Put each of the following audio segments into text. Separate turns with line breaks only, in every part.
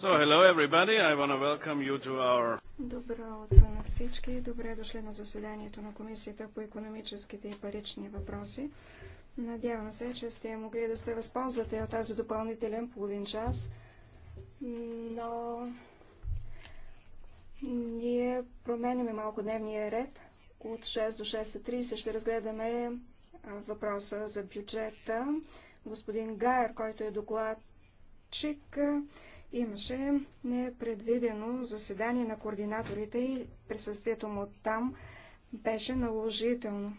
So, hello everybody. I want to welcome you to our...
Добро утро на всички. Добре дошли на заседанието на Комисията по економическите и парични въпроси. Надявам се, че сте могли да се възползвате от тази допълнителен половин час, но ние променяме малко дневния ред. От 6 до 6.30 ще разгледаме въпроса за бюджета. Господин Гайер, който е доклад Чик. имаше непредвидено заседание на координаторите и присъствието му там беше наложително.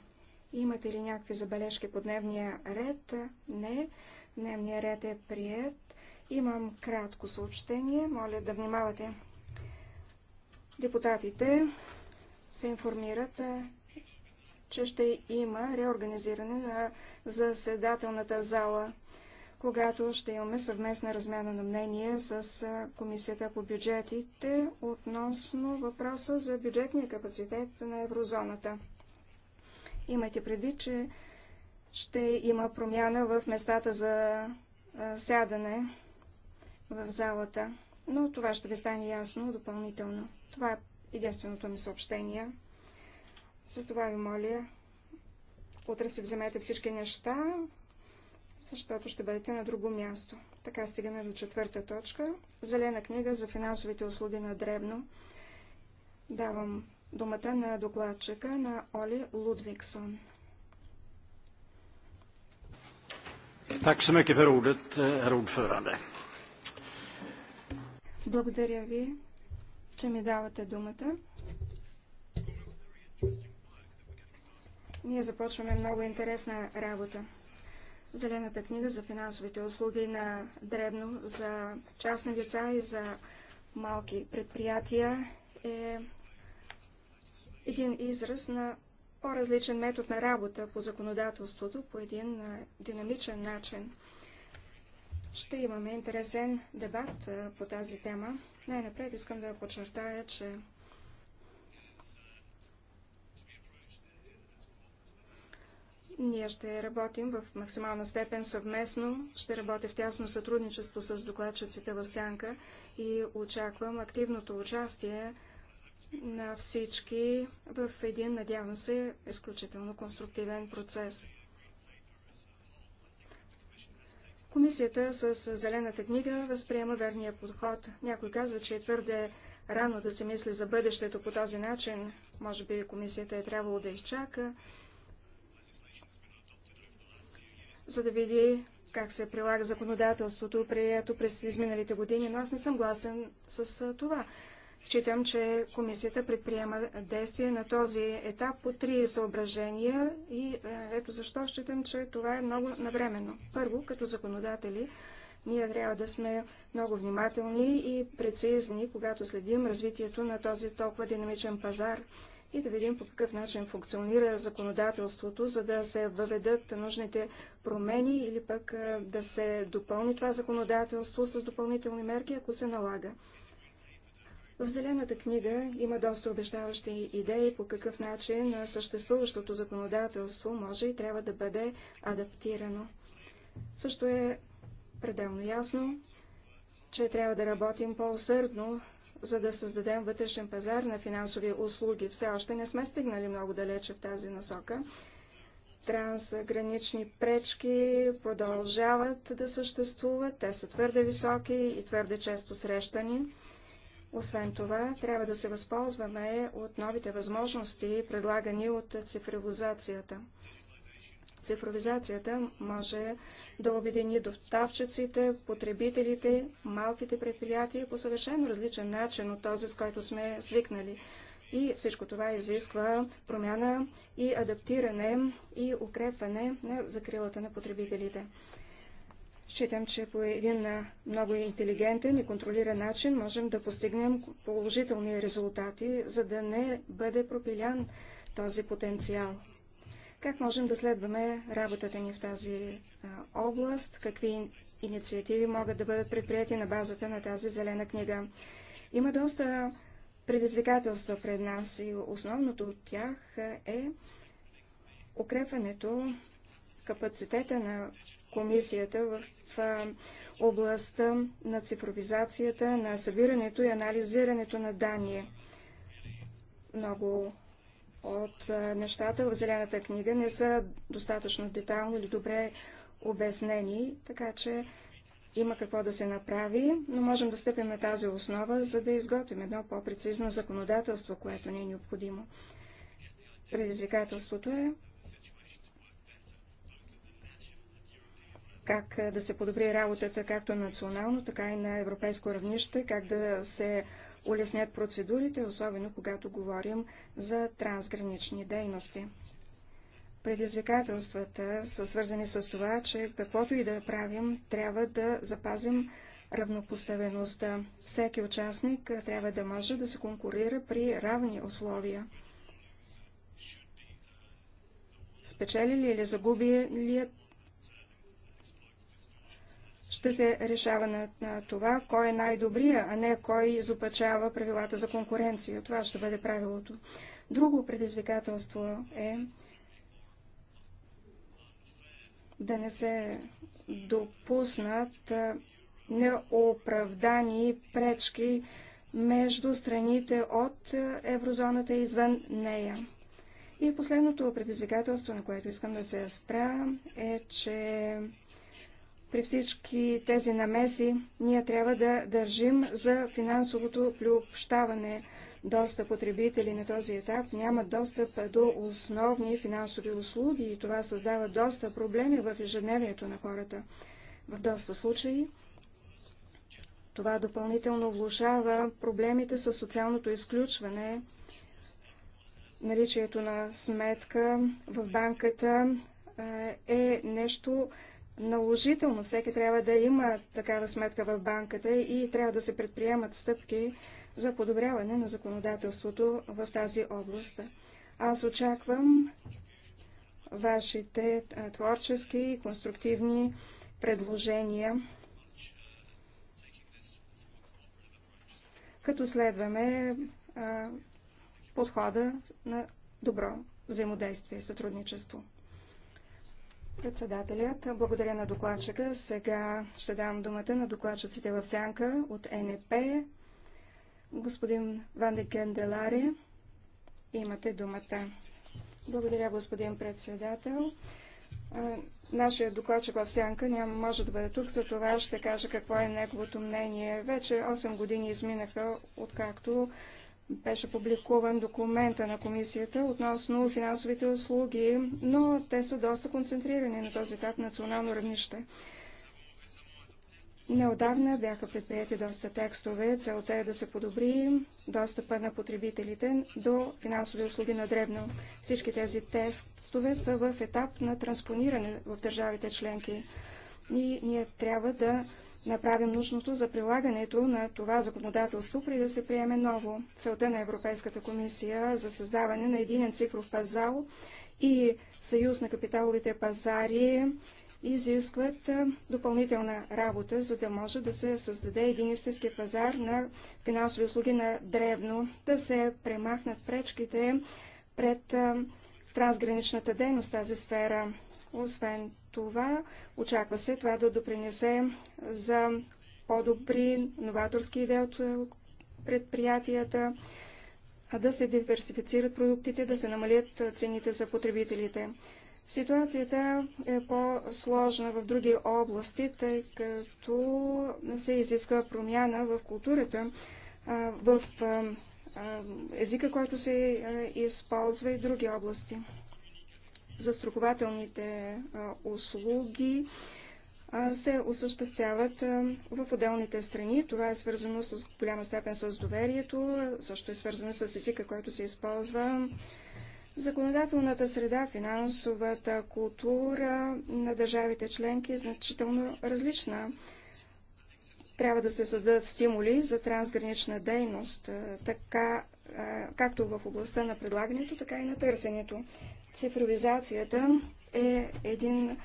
Имате ли някакви забележки по дневния ред? Не. Дневния ред е прият. Имам кратко съобщение. Моля да внимавате. Депутатите се информират, че ще има реорганизиране на заседателната зала когато ще имаме съвместна размяна на мнение с Комисията по бюджетите относно въпроса за бюджетния капацитет на еврозоната. Имайте предвид, че ще има промяна в местата за сядане в залата, но това ще ви стане ясно допълнително. Това е единственото ми съобщение. За това ви моля, утре си вземете всички неща, защото ще бъдете на друго място. Така стигаме до четвърта точка. Зелена книга за финансовите услуги на Дребно. Давам думата на докладчика на Оли Лудвиксон.
Eh,
Благодаря ви, че ми давате думата. Ние започваме много интересна работа. Зелената книга за финансовите услуги на дребно за частни деца и за малки предприятия е един израз на по-различен метод на работа по законодателството, по един динамичен начин. Ще имаме интересен дебат по тази тема. Най-напред искам да подчертая, че Ние ще работим в максимална степен съвместно, ще работя в тясно сътрудничество с докладчиците в Сянка и очаквам активното участие на всички в един, надявам се, изключително конструктивен процес. Комисията с Зелената книга възприема верния подход. Някой казва, че е твърде рано да се мисли за бъдещето по този начин. Може би комисията е трябвало да изчака за да види как се прилага законодателството, прието през изминалите години, но аз не съм гласен с това. Считам, че комисията предприема действие на този етап по три съображения и ето защо считам, че това е много навременно. Първо, като законодатели, ние трябва да сме много внимателни и прецизни, когато следим развитието на този толкова динамичен пазар и да видим по какъв начин функционира законодателството, за да се въведат нужните промени или пък да се допълни това законодателство с допълнителни мерки, ако се налага. В Зелената книга има доста обещаващи идеи по какъв начин съществуващото законодателство може и трябва да бъде адаптирано. Също е пределно ясно, че трябва да работим по-усърдно за да създадем вътрешен пазар на финансови услуги. Все още не сме стигнали много далече в тази насока. Трансгранични пречки продължават да съществуват, те са твърде високи и твърде често срещани. Освен това, трябва да се възползваме от новите възможности, предлагани от цифровизацията. Цифровизацията може да обедини доставчиците, потребителите, малките предприятия по съвършено различен начин от този, с който сме свикнали. И всичко това изисква промяна и адаптиране и укрепване на закрилата на потребителите. Считам, че по един много интелигентен и контролиран начин можем да постигнем положителни резултати, за да не бъде пропилян този потенциал. Как можем да следваме работата ни в тази област? Какви инициативи могат да бъдат предприяти на базата на тази зелена книга? Има доста предизвикателства пред нас и основното от тях е укрепването капацитета на комисията в областта на цифровизацията, на събирането и анализирането на данни. Много от нещата в Зелената книга не са достатъчно детално или добре обяснени, така че има какво да се направи, но можем да стъпим на тази основа, за да изготвим едно по-прецизно законодателство, което не е необходимо. Предизвикателството е как е, да се подобри работата както национално, така и на европейско равнище, как да се улеснят процедурите, особено когато говорим за трансгранични дейности. Предизвикателствата са свързани с това, че каквото и да правим, трябва да запазим равнопоставеността. Всеки участник е, трябва да може да се конкурира при равни условия. ли или загубилият ще се решава на, на това, кой е най-добрия, а не кой изопачава правилата за конкуренция. Това ще бъде правилото. Друго предизвикателство е да не се допуснат неоправдани пречки между страните от еврозоната и извън нея. И последното предизвикателство, на което искам да се спра, е, че при всички тези намеси ние трябва да държим за финансовото приобщаване. Доста потребители на този етап нямат достъп до основни финансови услуги и това създава доста проблеми в ежедневието на хората. В доста случаи това допълнително влушава проблемите с социалното изключване, наличието на сметка в банката е нещо, наложително. Всеки трябва да има такава сметка в банката и трябва да се предприемат стъпки за подобряване на законодателството в тази област. Аз очаквам вашите творчески и конструктивни предложения, като следваме подхода на добро взаимодействие и сътрудничество. Председателят, благодаря на докладчика. Сега ще дам думата на докладчиците в сянка от НП. Господин Ванде Кенделари, имате думата. Благодаря, господин председател. Нашия докладчик в сянка няма може да бъде тук, за това ще кажа какво е неговото мнение. Вече 8 години изминаха, откакто беше публикуван документа на комисията относно финансовите услуги, но те са доста концентрирани на този етап национално равнище. Неодавна бяха предприяти доста текстове. Целта е да се подобри достъпа на потребителите до финансови услуги на дребно. Всички тези текстове са в етап на транспониране в държавите членки и ние трябва да направим нужното за прилагането на това законодателство, преди да се приеме ново. Целта на Европейската комисия за създаване на един цифров пазал и Съюз на капиталовите пазари изискват допълнителна работа, за да може да се създаде един истински пазар на финансови услуги на древно, да се премахнат пречките пред трансграничната дейност в тази сфера. Освен това очаква се това да допринесе за по-добри новаторски идеи от е, предприятията, да се диверсифицират продуктите, да се намалят е, цените за потребителите. Ситуацията е по-сложна в други области, тъй като се изисква промяна в културата, в е, езика, който се използва и други области застрахователните услуги се осъществяват в отделните страни. Това е свързано с голяма степен с доверието, също е свързано с езика, който се използва. Законодателната среда, финансовата култура на държавите членки е значително различна. Трябва да се създадат стимули за трансгранична дейност, така, както в областта на предлагането, така и на търсенето. Цифровизацията е един,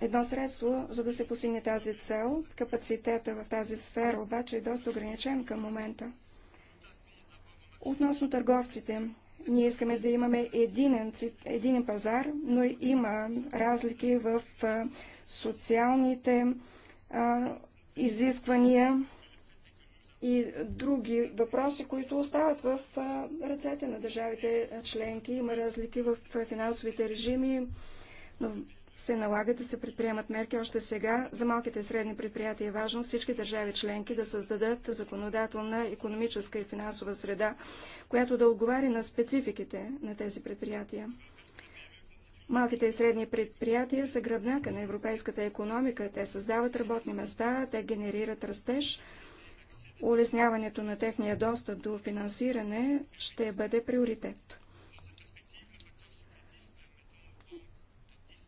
едно средство, за да се постигне тази цел. Капацитета в тази сфера обаче е доста ограничен към момента. Относно търговците, ние искаме да имаме единен, единен пазар, но има разлики в социалните а, изисквания и други въпроси, които остават в ръцете на държавите членки. Има разлики в финансовите режими, но се налага да се предприемат мерки още сега. За малките и средни предприятия е важно всички държави членки да създадат законодателна економическа и финансова среда, която да отговаря на спецификите на тези предприятия. Малките и средни предприятия са гръбнака на европейската економика. Те създават работни места, те генерират растеж, улесняването на техния достъп до финансиране ще бъде приоритет.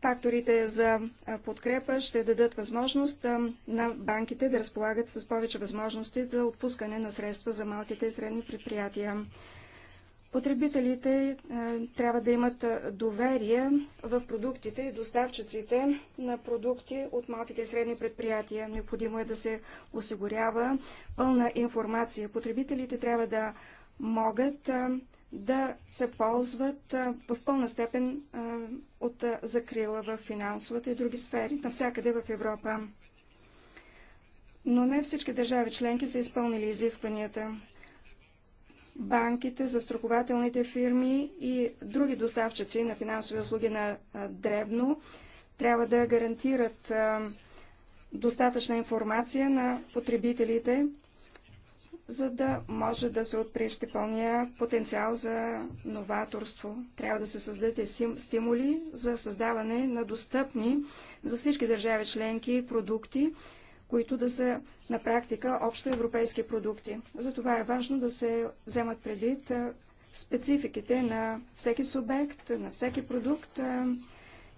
Факторите за подкрепа ще дадат възможност на банките да разполагат с повече възможности за отпускане на средства за малките и средни предприятия. Потребителите е, трябва да имат е, доверие в продуктите и доставчиците на продукти от малките и средни предприятия. Необходимо е да се осигурява пълна информация. Потребителите трябва да могат е, да се ползват в пълна степен от закрила в финансовата и други сфери, навсякъде в Европа. Но не всички държави членки са изпълнили изискванията банките, застрахователните фирми и други доставчици на финансови услуги на дребно трябва да гарантират достатъчна информация на потребителите, за да може да се отприщи пълния потенциал за новаторство. Трябва да се създадете стимули за създаване на достъпни за всички държави членки продукти, които да са на практика общо европейски продукти. Затова е важно да се вземат предвид спецификите на всеки субект, на всеки продукт.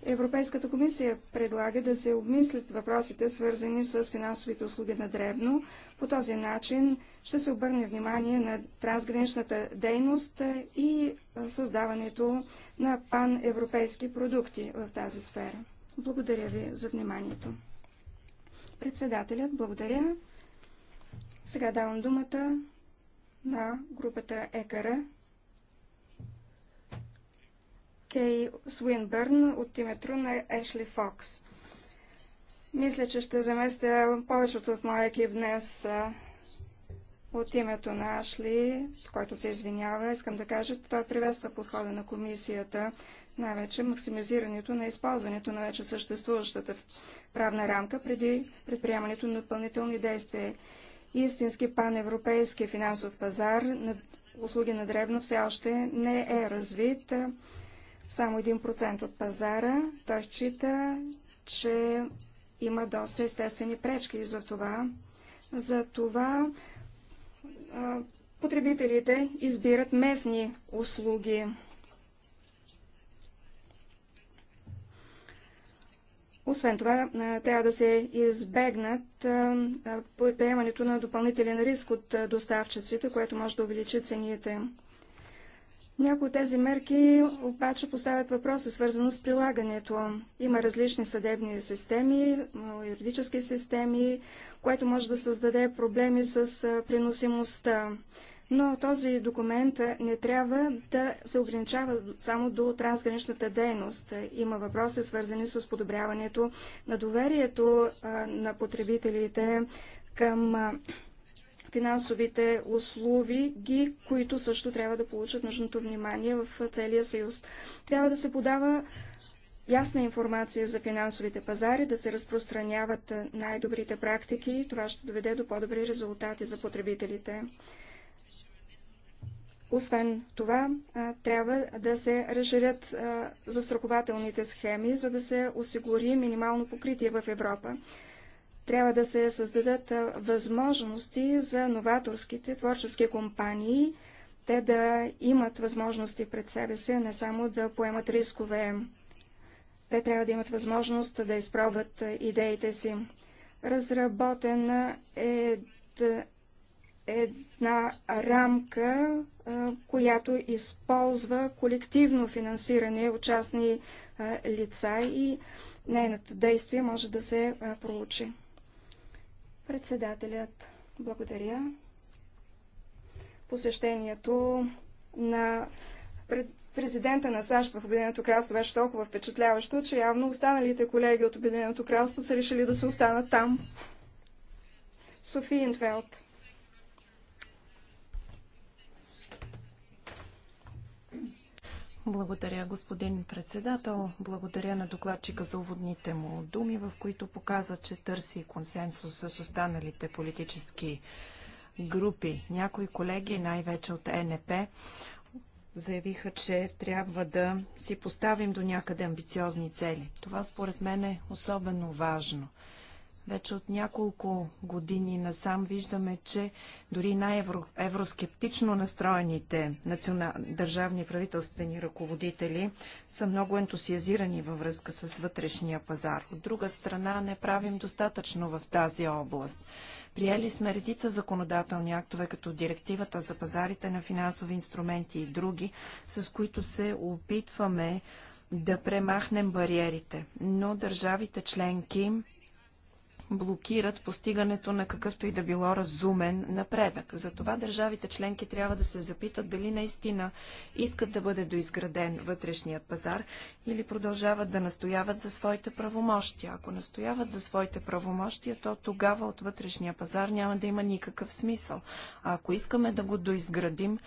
Европейската комисия предлага да се обмислят въпросите, свързани с финансовите услуги на древно. По този начин ще се обърне внимание на трансграничната дейност и създаването на паневропейски продукти в тази сфера. Благодаря ви за вниманието. Председателят, благодаря. Сега давам думата на групата ЕКАРА. Кей Свинбърн от името на Ешли Фокс. Мисля, че ще заместя повечето от моя екип днес от името на Ашли, който се извинява. Искам да кажа, че той приветства подхода на комисията най-вече максимизирането на използването на вече съществуващата правна рамка преди предприемането на допълнителни действия. Истински паневропейски финансов пазар на услуги на дребно все още не е развит. Само 1% от пазара. Той счита, че има доста естествени пречки за това. За това потребителите избират местни услуги. Освен това, трябва да се избегнат приемането на допълнителен риск от доставчиците, което може да увеличи цените. Някои от тези мерки обаче поставят въпроса, свързано с прилагането. Има различни съдебни системи, юридически системи, което може да създаде проблеми с приносимостта но този документ не трябва да се ограничава само до трансграничната дейност. Има въпроси, свързани с подобряването на доверието на потребителите към финансовите услуги, които също трябва да получат нужното внимание в целия съюз. Трябва да се подава ясна информация за финансовите пазари, да се разпространяват най-добрите практики. Това ще доведе до по-добри резултати за потребителите. Освен това, трябва да се разширят застрахователните схеми, за да се осигури минимално покритие в Европа. Трябва да се създадат възможности за новаторските творчески компании, те да имат възможности пред себе си, не само да поемат рискове. Те трябва да имат възможност да изпробват идеите си. Разработена е една рамка, която използва колективно финансиране от частни лица и нейното действие може да се проучи. Председателят, благодаря. Посещението на президента на САЩ в Обединеното кралство беше толкова впечатляващо, че явно останалите колеги от Обединеното кралство са решили да се останат там. Софи Инфелд.
Благодаря, господин председател. Благодаря на докладчика за уводните му думи, в които показа, че търси консенсус с останалите политически групи. Някои колеги, най-вече от ЕНП, заявиха, че трябва да си поставим до някъде амбициозни цели. Това според мен е особено важно. Вече от няколко години насам виждаме, че дори най-евроскептично настроените национал... държавни правителствени ръководители са много ентусиазирани във връзка с вътрешния пазар. От друга страна не правим достатъчно в тази област. Приели сме редица законодателни актове, като директивата за пазарите на финансови инструменти и други, с които се опитваме да премахнем бариерите. Но държавите членки блокират постигането на какъвто и да било разумен напредък. Затова държавите членки трябва да се запитат дали наистина искат да бъде доизграден вътрешният пазар или продължават да настояват за своите правомощия. Ако настояват за своите правомощия, то тогава от вътрешния пазар няма да има никакъв смисъл. А ако искаме да го доизградим,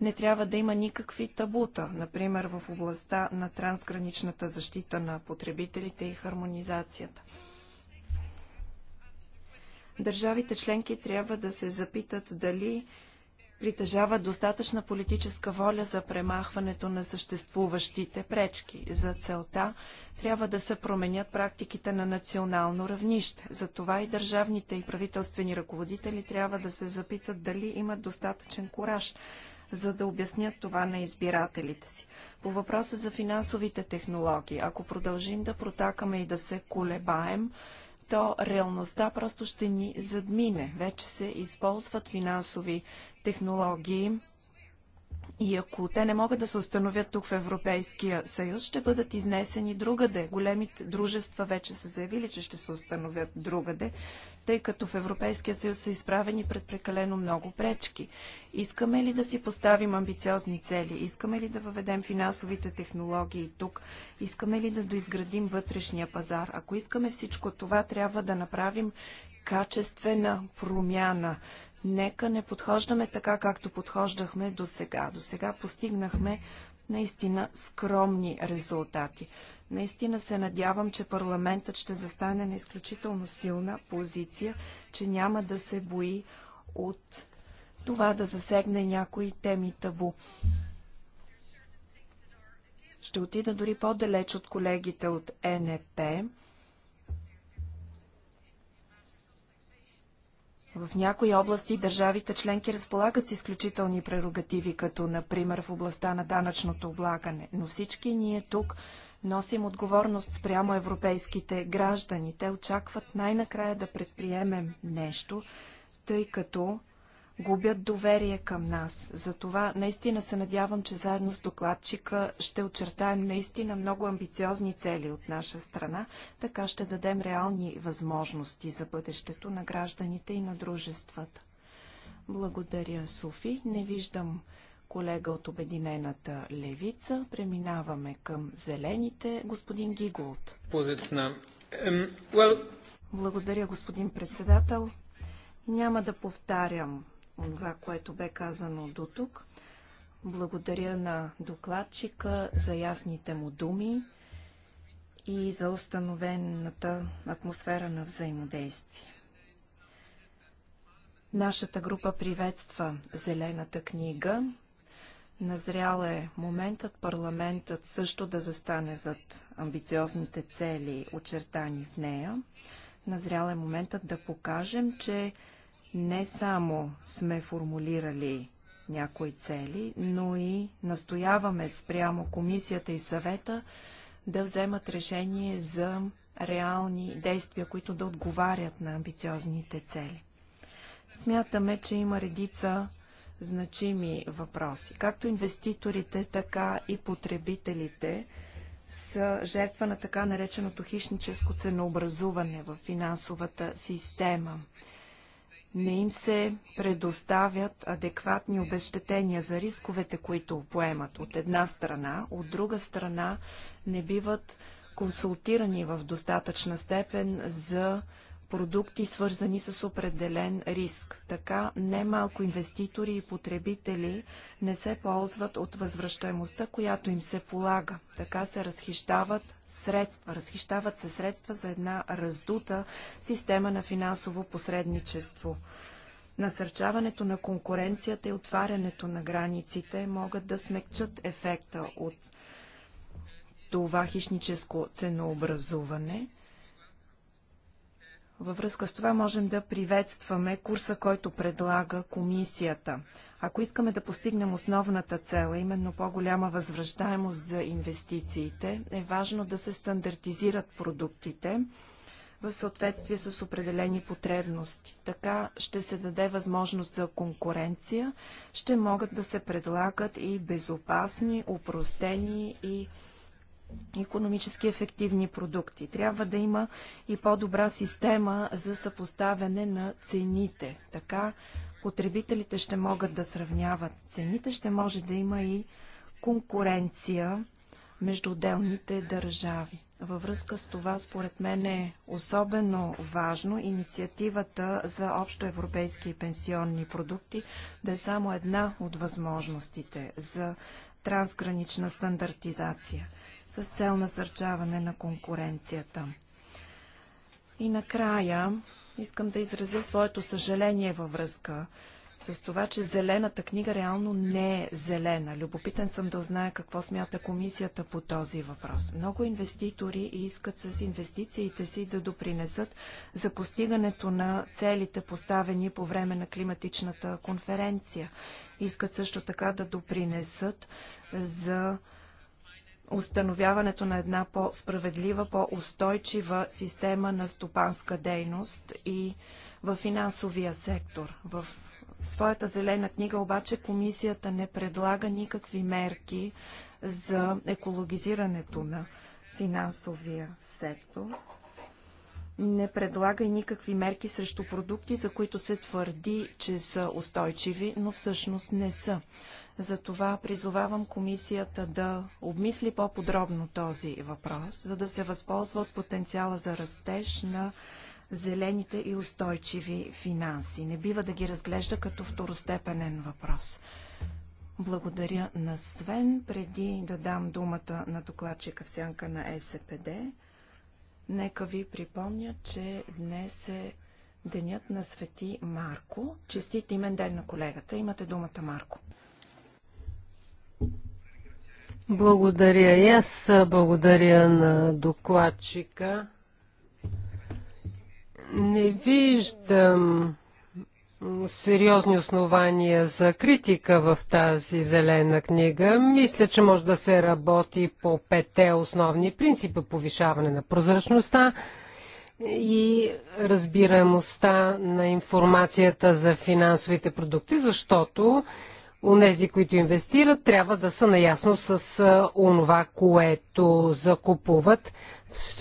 не трябва да има никакви табута, например в областта на трансграничната защита на потребителите и хармонизацията. Държавите членки трябва да се запитат дали притежава достатъчна политическа воля за премахването на съществуващите пречки. За целта трябва да се променят практиките на национално равнище. Затова и държавните и правителствени ръководители трябва да се запитат дали имат достатъчен кураж, за да обяснят това на избирателите си. По въпроса за финансовите технологии, ако продължим да протакаме и да се колебаем, то реалността просто ще ни задмине. Вече се използват финансови технологии, и ако те не могат да се установят тук в Европейския съюз, ще бъдат изнесени другаде. Големите дружества вече са заявили, че ще се установят другаде, тъй като в Европейския съюз са изправени пред прекалено много пречки. Искаме ли да си поставим амбициозни цели? Искаме ли да въведем финансовите технологии тук? Искаме ли да доизградим вътрешния пазар? Ако искаме всичко това, трябва да направим качествена промяна. Нека не подхождаме така, както подхождахме до сега. До сега постигнахме наистина скромни резултати. Наистина се надявам, че парламентът ще застане на изключително силна позиция, че няма да се бои от това да засегне някои теми табу. Ще отида дори по-далеч от колегите от НЕП. В някои области държавите членки разполагат с изключителни прерогативи, като например в областта на данъчното облагане, но всички ние тук носим отговорност спрямо европейските граждани. Те очакват най-накрая да предприемем нещо, тъй като губят доверие към нас. Затова наистина се надявам, че заедно с докладчика ще очертаем наистина много амбициозни цели от наша страна, така ще дадем реални възможности за бъдещето на гражданите и на дружествата. Благодаря, Софи. Не виждам колега от Обединената левица. Преминаваме към зелените. Господин Гиголт. Благодаря, господин председател. Няма да повтарям това, което бе казано до тук. Благодаря на докладчика за ясните му думи и за установената атмосфера на взаимодействие. Нашата група приветства Зелената книга. Назрял е моментът парламентът също да застане зад амбициозните цели, очертани в нея. Назрял е моментът да покажем, че не само сме формулирали някои цели, но и настояваме спрямо комисията и съвета да вземат решение за реални действия, които да отговарят на амбициозните цели. Смятаме, че има редица значими въпроси. Както инвеститорите, така и потребителите са жертва на така нареченото хищническо ценообразуване в финансовата система не им се предоставят адекватни обещетения за рисковете, които поемат от една страна, от друга страна не биват консултирани в достатъчна степен за продукти, свързани с определен риск. Така немалко инвеститори и потребители не се ползват от възвръщаемостта, която им се полага. Така се разхищават средства. Разхищават се средства за една раздута система на финансово посредничество. Насърчаването на конкуренцията и отварянето на границите могат да смекчат ефекта от това хищническо ценообразуване – във връзка с това можем да приветстваме курса, който предлага комисията. Ако искаме да постигнем основната цела, именно по-голяма възвръщаемост за инвестициите, е важно да се стандартизират продуктите в съответствие с определени потребности. Така ще се даде възможност за конкуренция, ще могат да се предлагат и безопасни, упростени и економически ефективни продукти. Трябва да има и по-добра система за съпоставяне на цените. Така потребителите ще могат да сравняват цените, ще може да има и конкуренция между отделните държави. Във връзка с това, според мен е особено важно инициативата за общоевропейски пенсионни продукти да е само една от възможностите за трансгранична стандартизация с цел насърчаване на конкуренцията. И накрая искам да изразя своето съжаление във връзка с това, че зелената книга реално не е зелена. Любопитен съм да узная какво смята комисията по този въпрос. Много инвеститори искат с инвестициите си да допринесат за постигането на целите поставени по време на климатичната конференция. Искат също така да допринесат за установяването на една по-справедлива, по-устойчива система на стопанска дейност и в финансовия сектор. В своята зелена книга обаче комисията не предлага никакви мерки за екологизирането на финансовия сектор. Не предлага и никакви мерки срещу продукти, за които се твърди, че са устойчиви, но всъщност не са. Затова призовавам комисията да обмисли по-подробно този въпрос, за да се възползва от потенциала за растеж на зелените и устойчиви финанси. Не бива да ги разглежда като второстепенен въпрос. Благодаря на Свен. Преди да дам думата на докладчика в сянка на СПД, нека ви припомня, че днес е денят на Свети Марко. Честит имен ден на колегата. Имате думата, Марко.
Благодаря и аз благодаря на докладчика. Не виждам сериозни основания за критика в тази зелена книга. Мисля, че може да се работи по пете основни принципа повишаване на прозрачността и разбираемостта на информацията за финансовите продукти, защото Онези, които инвестират, трябва да са наясно с онова, което закупуват.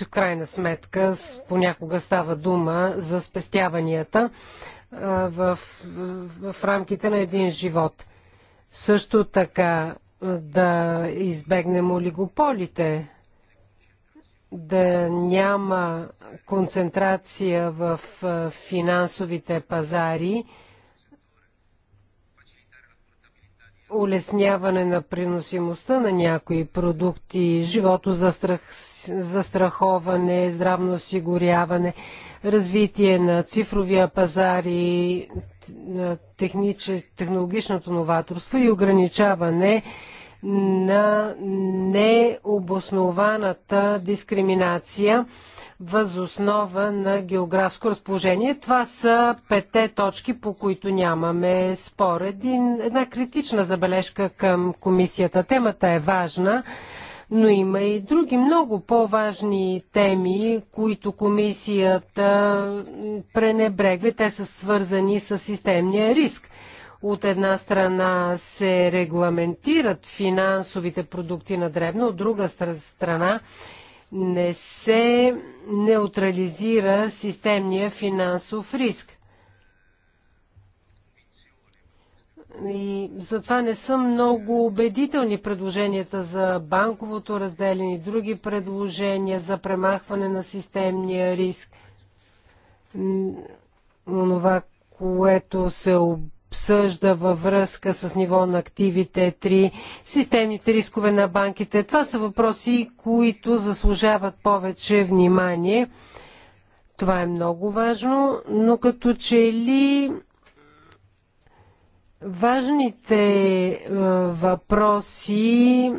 В крайна сметка, понякога става дума за спестяванията в, в, в рамките на един живот. Също така да избегнем олигополите, да няма концентрация в финансовите пазари, улесняване на приносимостта на някои продукти, живото за, страх, за страховане, здравно осигуряване, развитие на цифровия пазар и на технологичното новаторство и ограничаване на необоснованата дискриминация възоснова на географско разположение. Това са пете точки, по които нямаме спор. Един, една критична забележка към комисията. Темата е важна, но има и други много по-важни теми, които комисията пренебрегва. Те са свързани с системния риск. От една страна се регламентират финансовите продукти на дребно, от друга страна не се неутрализира системния финансов риск. И затова не са много убедителни предложенията за банковото разделение и други предложения за премахване на системния риск. Онова, което се обърна, обсъжда във връзка с ниво на активите 3, системните рискове на банките. Това са въпроси, които заслужават повече внимание. Това е много важно, но като че ли важните е, въпроси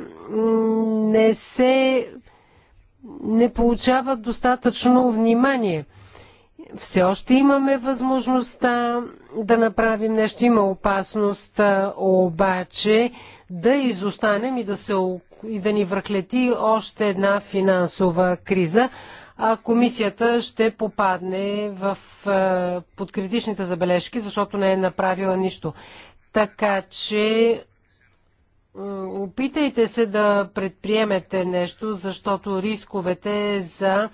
не се не получават достатъчно внимание. Все още имаме възможността да направим нещо. Има опасност обаче да изостанем и да, се, и да ни връхлети още една финансова криза, а комисията ще попадне в подкритичните забележки, защото не е направила нищо. Така че опитайте се да предприемете нещо, защото рисковете за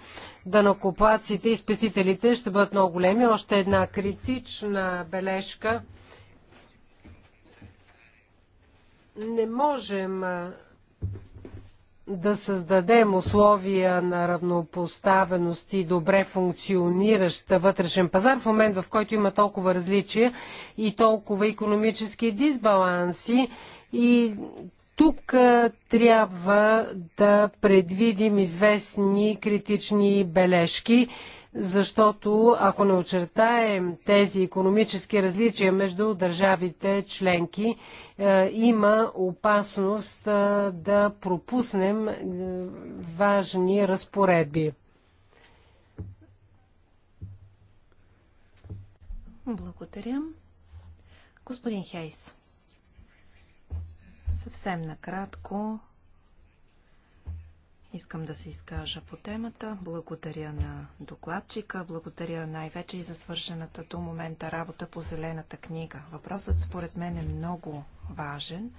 данокоплаците и спестителите ще бъдат много големи. Още една критична бележка. Не можем да създадем условия на равнопоставеност и добре функциониращ вътрешен пазар в момент, в който има толкова различия и толкова економически дисбаланси и тук а, трябва да предвидим известни критични бележки, защото ако не очертаем тези економически различия между държавите членки, е, има опасност е, да пропуснем е, важни разпоредби.
Благодаря. Господин Хейс. Съвсем накратко искам да се изкажа по темата. Благодаря на докладчика, благодаря най-вече и за свършената до момента работа по Зелената книга. Въпросът според мен е много важен.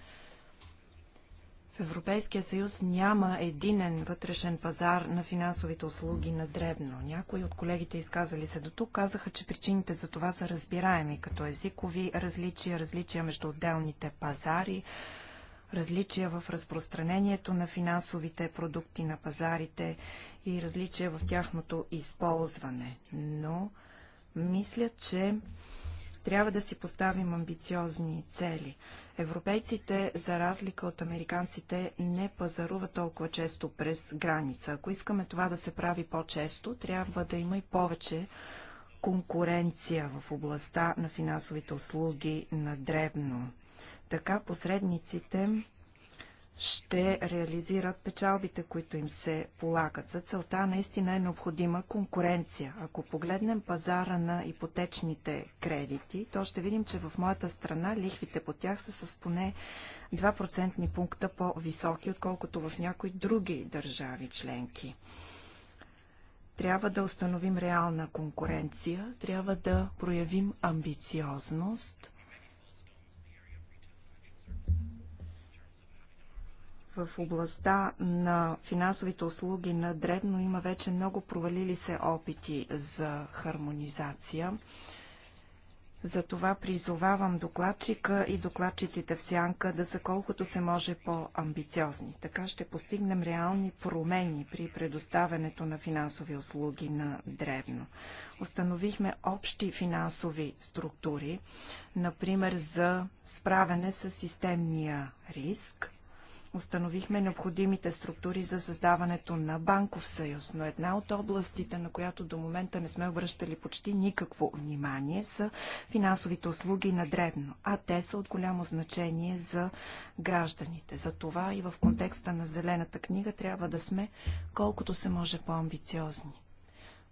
В Европейския съюз няма единен вътрешен пазар на финансовите услуги на дребно. Някои от колегите изказали се до тук казаха, че причините за това са разбираеми, като езикови различия, различия между отделните пазари, различия в разпространението на финансовите продукти на пазарите и различия в тяхното използване. Но мисля, че трябва да си поставим амбициозни цели. Европейците, за разлика от американците, не пазаруват толкова често през граница. Ако искаме това да се прави по-често, трябва да има и повече конкуренция в областта на финансовите услуги на дребно. Така посредниците ще реализират печалбите, които им се полагат. За целта наистина е необходима конкуренция. Ако погледнем пазара на ипотечните кредити, то ще видим, че в моята страна лихвите по тях са с поне 2% пункта по-високи, отколкото в някои други държави членки. Трябва да установим реална конкуренция, трябва да проявим амбициозност – в областта на финансовите услуги на дребно има вече много провалили се опити за хармонизация. Затова призовавам докладчика и докладчиците в сянка да са колкото се може по-амбициозни. Така ще постигнем реални промени при предоставянето на финансови услуги на дребно. Установихме общи финансови структури, например за справяне с системния риск установихме необходимите структури за създаването на банков съюз, но една от областите, на която до момента не сме обръщали почти никакво внимание, са финансовите услуги на дребно, а те са от голямо значение за гражданите. За това и в контекста на Зелената книга трябва да сме колкото се може по-амбициозни.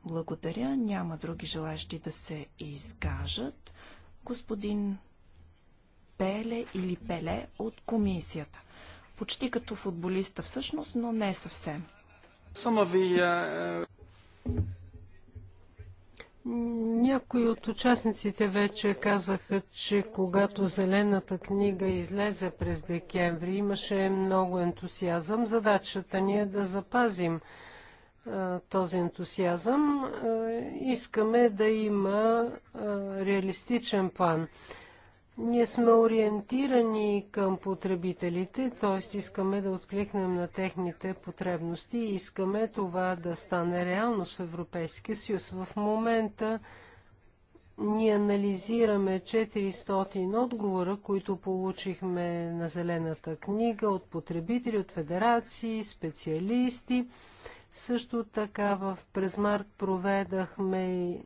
Благодаря. Няма други желащи да се изкажат. Господин Пеле или Пеле от комисията почти като футболиста всъщност, но не съвсем.
Uh,
Някои от участниците вече казаха, че когато Зелената книга излезе през декември, имаше много ентусиазъм. Задачата ни е да запазим този ентусиазъм. искаме да има реалистичен план. Ние сме ориентирани към потребителите, т.е. искаме да откликнем на техните потребности и искаме това да стане реалност в Европейския съюз. В момента ние анализираме 400 отговора, които получихме на Зелената книга от потребители, от федерации, специалисти. Също така в през март проведахме е,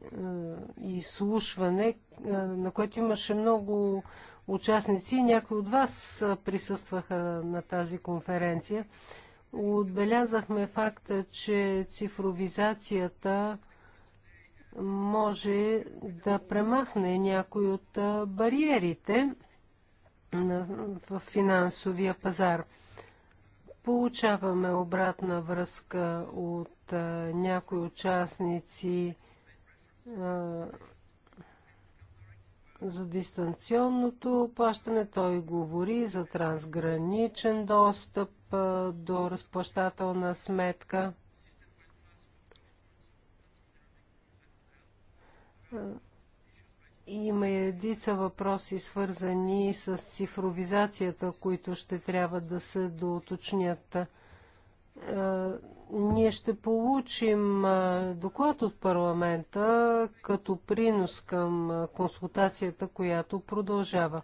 изслушване, на което имаше много участници. Някои от вас присъстваха на тази конференция. Отбелязахме факта, че цифровизацията може да премахне някои от бариерите в финансовия пазар. Получаваме обратна връзка от някои участници за дистанционното плащане. Той говори за трансграничен достъп до разплащателна сметка. Има и редица въпроси, свързани с цифровизацията, които ще трябва да се доуточнят ние ще получим доклад от парламента като принос към консултацията, която продължава.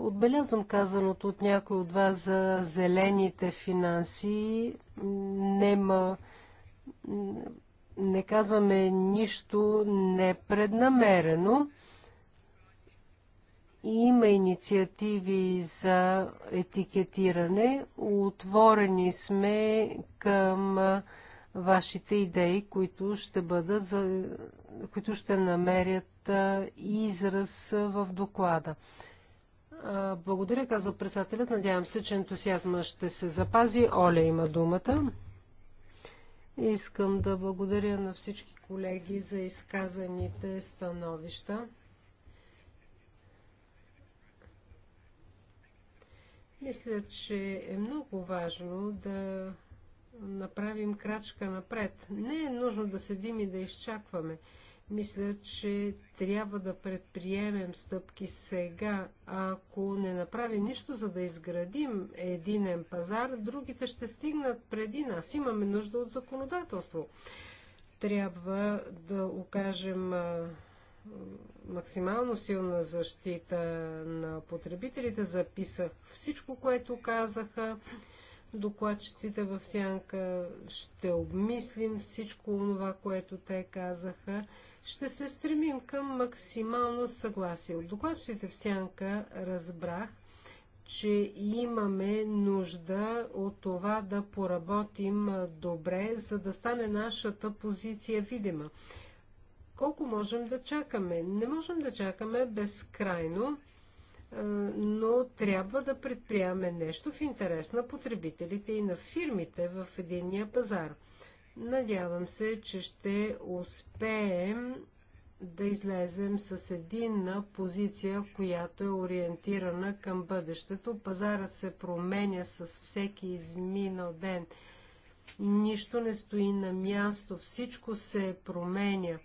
Отбелязвам казаното от някой от вас за зелените финанси. Нема, не казваме нищо непреднамерено. Има инициативи за етикетиране. Отворени сме към вашите идеи, които ще бъдат, за, които ще намерят израз в доклада. Благодаря, казва председателят. Надявам се, че ентусиазма ще се запази. Оля има думата. Искам да благодаря на всички колеги за изказаните становища. Мисля, че е много важно да направим крачка напред. Не е нужно да седим и да изчакваме. Мисля, че трябва да предприемем стъпки сега. Ако не направим нищо, за да изградим единен пазар, другите ще стигнат преди нас. Имаме нужда от законодателство. Трябва да окажем максимално силна защита на потребителите. Записах всичко, което казаха докладчиците в сянка. Ще обмислим всичко това, което те казаха. Ще се стремим към максимално съгласие. От докладчиците в сянка разбрах, че имаме нужда от това да поработим добре, за да стане нашата позиция видима. Колко можем да чакаме? Не можем да чакаме безкрайно, но трябва да предприеме нещо в интерес на потребителите и на фирмите в единния пазар. Надявам се, че ще успеем да излезем с единна позиция, която е ориентирана към бъдещето. Пазарът се променя с всеки изминал ден. Нищо не стои на място, всичко се променя.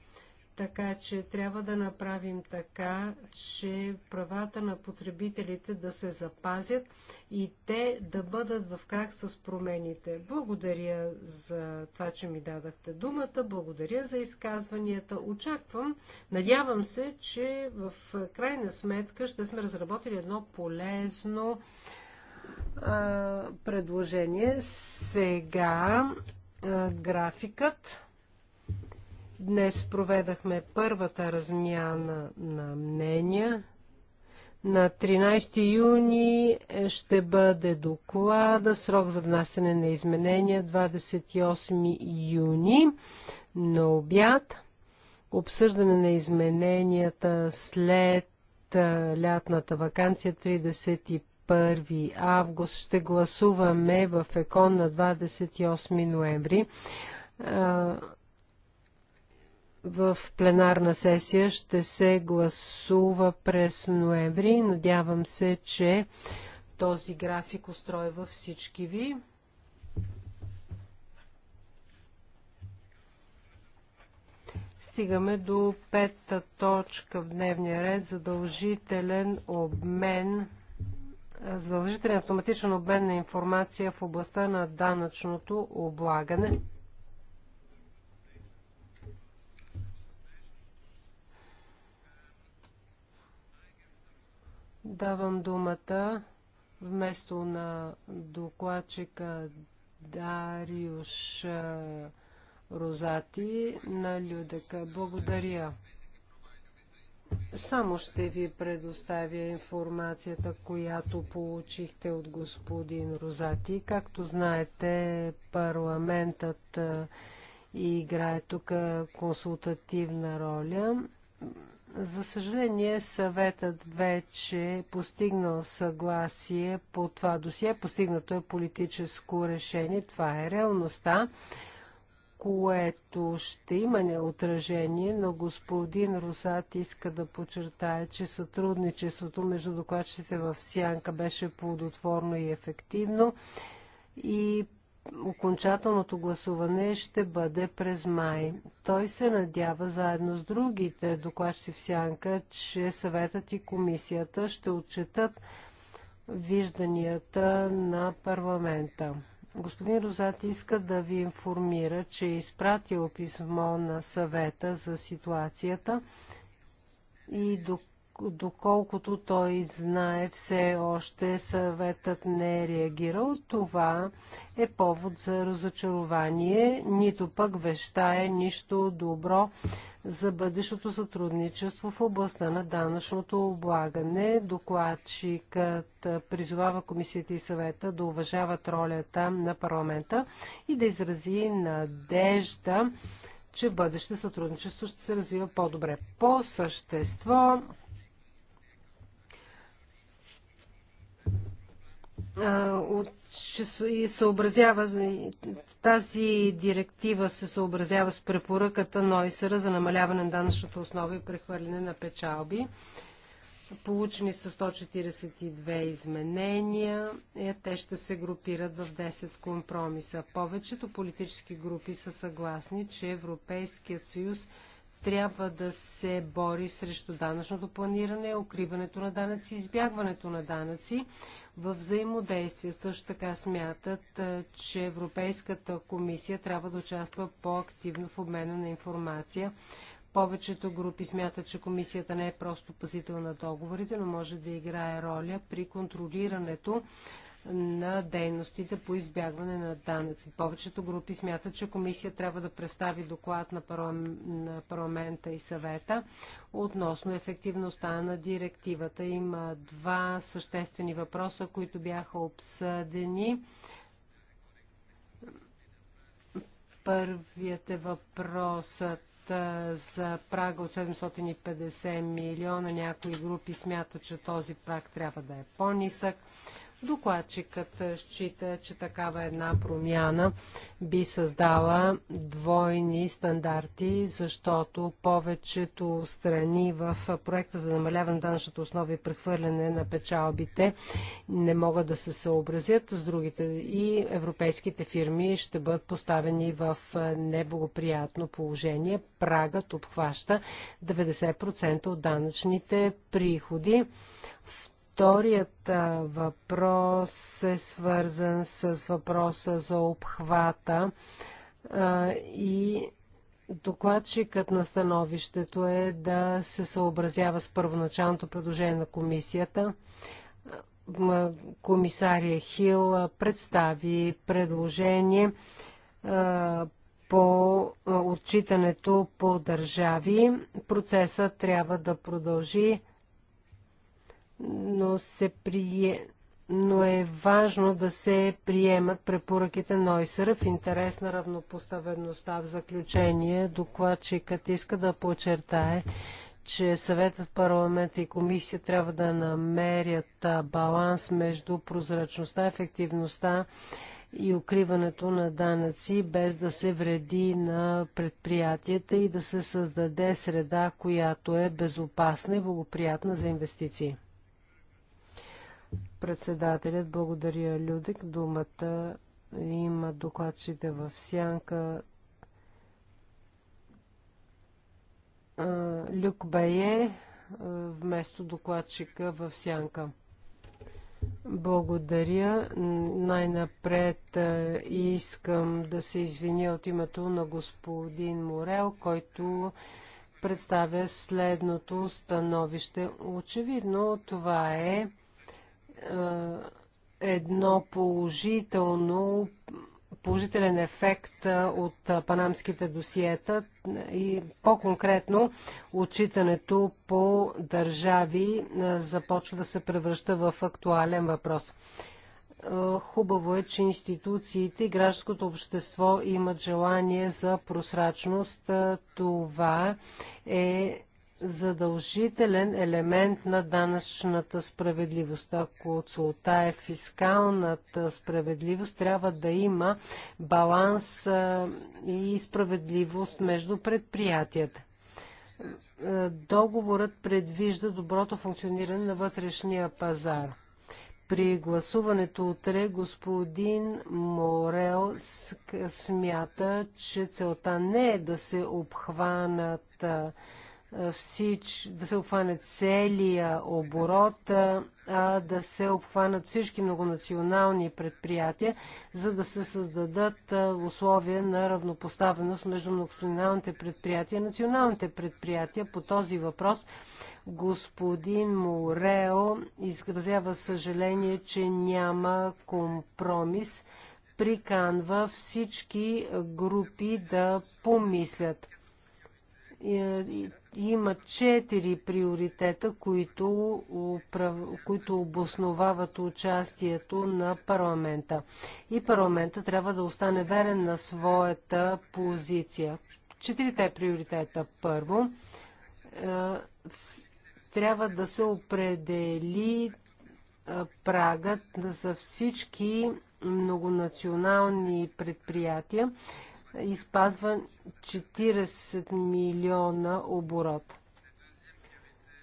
Така че трябва да направим така, че правата на потребителите да се запазят и те да бъдат в крак с промените. Благодаря за това, че ми дадахте думата, благодаря за изказванията. Очаквам, надявам се, че в крайна сметка ще сме разработили едно полезно а, предложение. Сега а, графикът. Днес проведахме първата размяна на мнения. На 13 юни ще бъде доклада, срок за внасяне на изменения 28 юни на обяд. Обсъждане на измененията след лятната вакансия 31 август. Ще гласуваме в ЕКОН на 28 ноември в пленарна сесия ще се гласува през ноември. Надявам се, че този график устройва всички ви. Стигаме до пета точка в дневния ред. Задължителен обмен задължителен автоматичен обмен на информация в областта на данъчното облагане. Давам думата вместо на докладчика Дариуш Розати на Людека. Благодаря. Само ще ви предоставя информацията, която получихте от господин Розати. Както знаете, парламентът играе тук консултативна роля. За съжаление, съветът вече е постигнал съгласие по това досие. Постигнато е политическо решение. Това е реалността, което ще има отражение, но господин Русат иска да подчертае, че сътрудничеството между докладчиците в Сянка беше плодотворно и ефективно и окончателното гласуване ще бъде през май. Той се надява заедно с другите докладчици в сянка, че съветът и комисията ще отчетат вижданията на парламента. Господин Розат иска да ви информира, че е изпратил писмо на съвета за ситуацията и докладчиците доколкото той знае, все още съветът не е реагирал. Това е повод за разочарование, нито пък е нищо добро за бъдещото сътрудничество в областта на данъчното облагане. Докладчикът призовава комисията и съвета да уважават ролята на парламента и да изрази надежда, че бъдеще сътрудничество ще се развива по-добре. По същество от, и съобразява тази директива се съобразява с препоръката Нойсера за намаляване на данъчната основа и прехвърляне на печалби. Получени са 142 изменения. Е, те ще се групират в 10 компромиса. Повечето политически групи са съгласни, че Европейският съюз – трябва да се бори срещу данъчното планиране, укриването на данъци, избягването на данъци в взаимодействие. Също така смятат, че Европейската комисия трябва да участва по-активно в обмена на информация. Повечето групи смятат, че комисията не е просто пазител на договорите, но може да играе роля при контролирането на дейностите по избягване на данъци. Повечето групи смятат, че комисия трябва да представи доклад на, парламент, на парламента и съвета относно ефективността на директивата. Има два съществени въпроса, които бяха обсъдени. Първият е въпросът за прага от 750 милиона. Някои групи смятат, че този праг трябва да е по-нисък. Докладчикът счита, че такава една промяна би създала двойни стандарти, защото повечето страни в проекта за намаляване на данъчната основа и прехвърляне на печалбите не могат да се съобразят с другите и европейските фирми ще бъдат поставени в е, неблагоприятно положение. Прагът обхваща 90% от данъчните приходи. Вторият въпрос е свързан с въпроса за обхвата а, и докладчикът на становището е да се съобразява с първоначалното предложение на комисията. Комисария Хил представи предложение а, по отчитането по държави. Процесът трябва да продължи но, се прие... но е важно да се приемат препоръките Нойсера в интерес на равнопоставеността. В заключение докладчикът иска да подчертае, че съветът, парламент и комисия трябва да намерят баланс между прозрачността, ефективността и укриването на данъци, без да се вреди на предприятията и да се създаде среда, която е безопасна и благоприятна за инвестиции. Председателят благодаря Людик. Думата има докладчите в сянка. Люк Бае вместо докладчика в сянка. Благодаря. Най-напред искам да се извиня от името на господин Морел, който представя следното становище. Очевидно това е е, едно положително положителен ефект от панамските досиета и по-конкретно отчитането по държави започва да се превръща в актуален въпрос. Хубаво е, че институциите и гражданското общество имат желание за просрачност. Това е задължителен елемент на данъчната справедливост. Ако целта е фискалната справедливост, трябва да има баланс и справедливост между предприятията. Е, договорът предвижда доброто функциониране на вътрешния пазар. При гласуването утре господин Морел смята, че целта не е да се обхванат всич, да се обхване целия оборот, а да се обхванат всички многонационални предприятия, за да се създадат условия на равнопоставеност между многонационалните предприятия и националните предприятия. По този въпрос господин Морео изгразява съжаление, че няма компромис. Приканва всички групи да помислят има четири приоритета, които, управ... които обосновават участието на парламента. И парламента трябва да остане верен на своята позиция. Четирите приоритета. Първо, е, трябва да се определи е, прагът за всички многонационални предприятия изпазва 40 милиона оборот.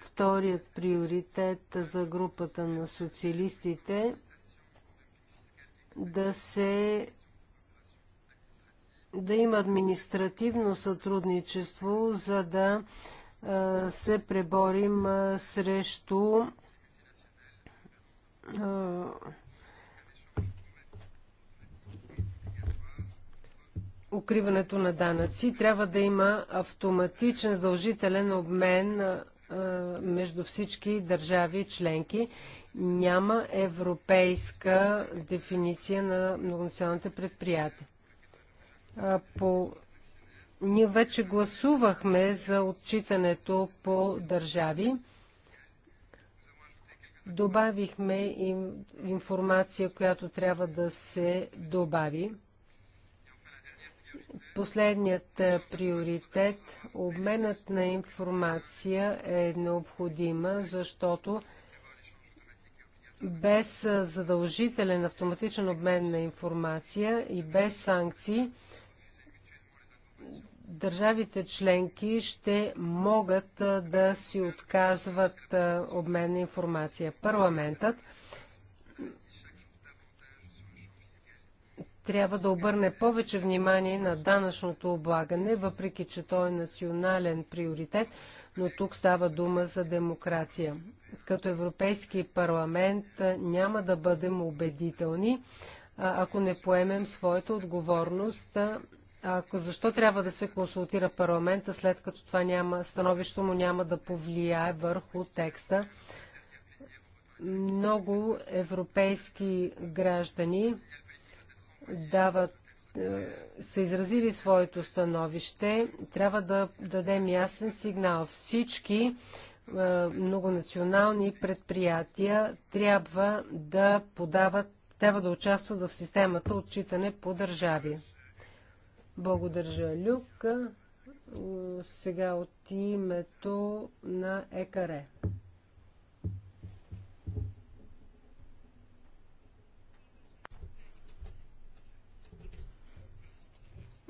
Вторият приоритет за групата на социалистите да се да има административно сътрудничество, за да а, се преборим а, срещу а, укриването на данъци. Трябва да има автоматичен задължителен обмен между всички държави членки. Няма европейска дефиниция на многонационалните предприятия. по... Ние вече гласувахме за отчитането по държави. Добавихме им информация, която трябва да се добави. Последният е, приоритет – обменът на информация е необходима, защото без е, задължителен автоматичен обмен на информация и без санкции, държавите членки ще могат е, да си отказват обмен на информация. Парламентът трябва да обърне повече внимание на данъчното облагане, въпреки че то е национален приоритет, но тук става дума за демокрация. Като Европейски парламент няма да бъдем убедителни, ако не поемем своята отговорност. Ако, защо трябва да се консултира парламента, след като това няма, становището му няма да повлияе върху текста? Много европейски граждани дават е, са изразили своето становище, трябва да дадем ясен сигнал. Всички е, многонационални предприятия трябва да подават, трябва да участват в системата отчитане по държави. Благодаря, Люк. Е, сега от името на ЕКАРЕ.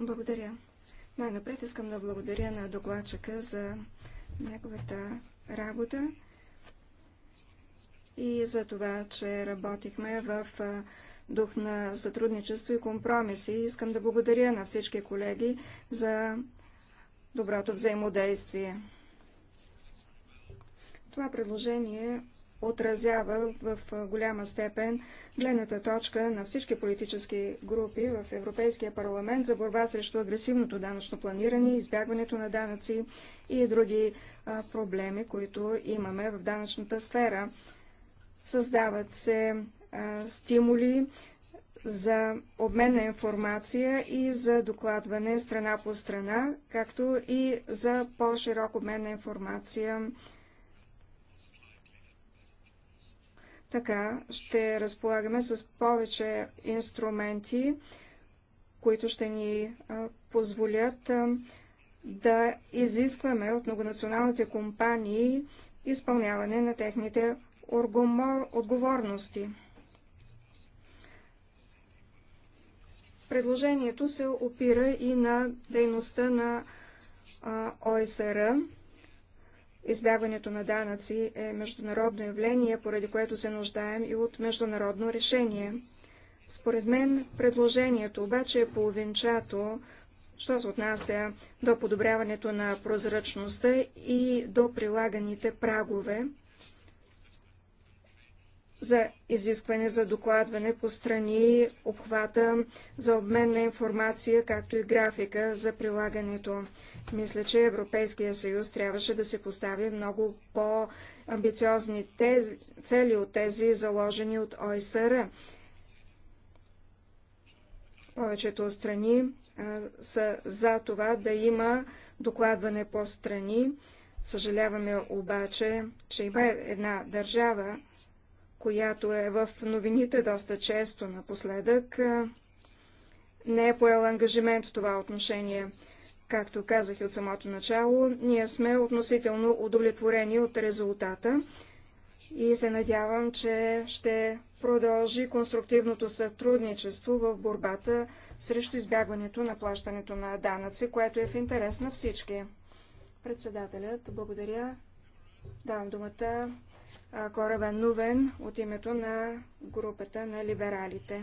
Благодаря.
Най-напред искам да благодаря на докладчика за неговата работа и за това, че работихме в дух на сътрудничество и компромиси. Искам да благодаря на всички колеги за доброто взаимодействие. Това предложение отразява в голяма степен гледната точка на всички политически групи в Европейския парламент за борба срещу агресивното данъчно планиране, избягването на данъци и други проблеми, които имаме в данъчната сфера. Създават се стимули за обмен на информация и за докладване страна по страна, както и за по-широк обмен на информация Така ще разполагаме с повече инструменти, които ще ни позволят да изискваме от многонационалните компании изпълняване на техните отговорности. Предложението се опира и на дейността на ОСР. Избягването на данъци е международно явление, поради което се нуждаем и от международно решение. Според мен предложението обаче е половинчато, що се отнася до подобряването на прозрачността и до прилаганите прагове, за изискване за докладване по страни, обхвата за обмен на информация, както и графика за прилагането. Мисля, че Европейския съюз трябваше да се постави много по-амбициозни цели от тези, заложени от ОСР. Повечето страни а, са за това да има докладване по страни. Съжаляваме обаче, че има една държава, която е в новините доста често напоследък, не е поел ангажимент в това отношение. Както казах и от самото начало, ние сме относително удовлетворени от резултата и се надявам, че ще продължи конструктивното сътрудничество в борбата срещу избягването на плащането на данъци, което е в интерес на всички. Председателят, благодаря. Давам думата Кораба Нувен от името на групата на либералите.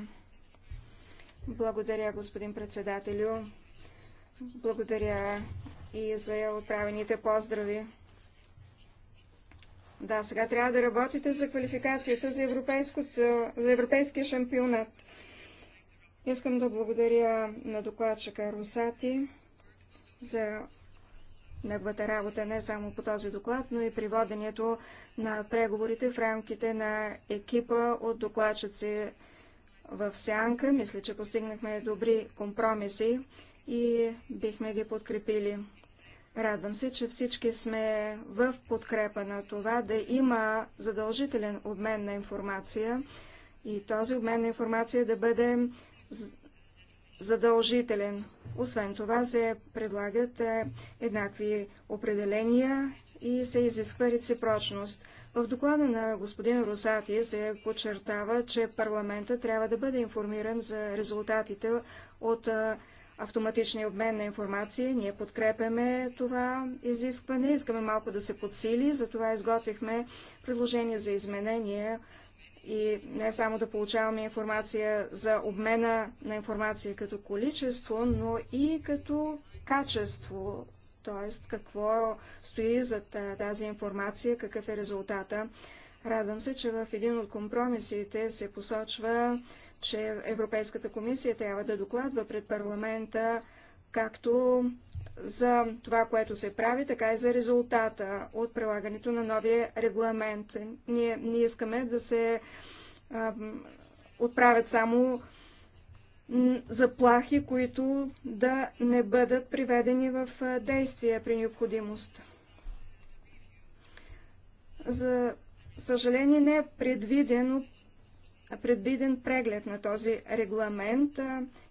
Благодаря, господин председателю. Благодаря и за отправените поздрави. Да, сега трябва да работите за квалификацията за, за европейския шампионат. Искам да благодаря на докладчика Русати за неговата работа не само по този доклад, но и при воденето на преговорите в рамките на екипа от докладчици в Сянка. Мисля, че постигнахме добри компромиси и бихме ги подкрепили. Радвам се, че всички сме в подкрепа на това да има задължителен обмен на информация и този обмен на информация да бъде задължителен. Освен това се предлагат е, еднакви определения и се изисква реципрочност. В доклада на господин Русати се подчертава, че парламента трябва да бъде информиран за резултатите от е, автоматичния обмен на информация. Ние подкрепяме това изискване, искаме малко да се подсили, затова изготвихме предложение за изменение и не само да получаваме информация за обмена на информация като количество, но и като качество, т.е. какво стои за тази информация, какъв е резултата. Радвам се, че в един от компромисите се посочва, че Европейската комисия трябва да докладва пред парламента както за това, което се прави, така и за резултата от прилагането на новия регламент. Ние, ние искаме да се а, отправят само заплахи, които да не бъдат приведени в действие при необходимост. За съжаление не е предвидено предвиден преглед на този регламент.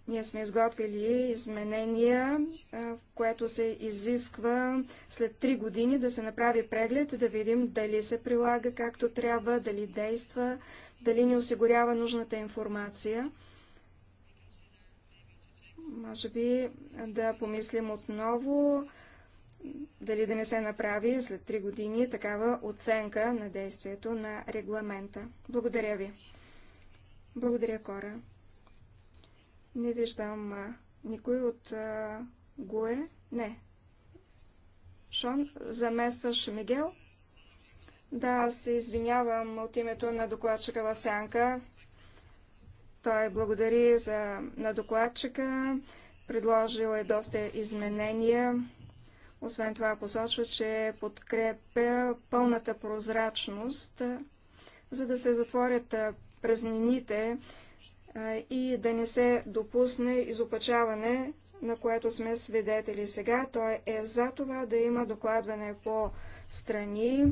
Ние сме изготвили изменения, в което се изисква след три години да се направи преглед, да видим дали се прилага както трябва, дали действа, дали ни осигурява нужната информация. Може би да помислим отново дали да не се направи след три години такава оценка на действието на регламента. Благодаря ви. Благодаря, Кора. Не виждам а, никой от а, Гуе. Не. Шон, заместваш Мигел? Да, се извинявам от името на докладчика в Сянка. Той благодари за, на докладчика, предложил е доста изменения. Освен това посочва, че подкрепя пълната прозрачност, за да се затворят празнините и да не се допусне изопачаване, на което сме свидетели сега. Той е за това да има докладване по страни,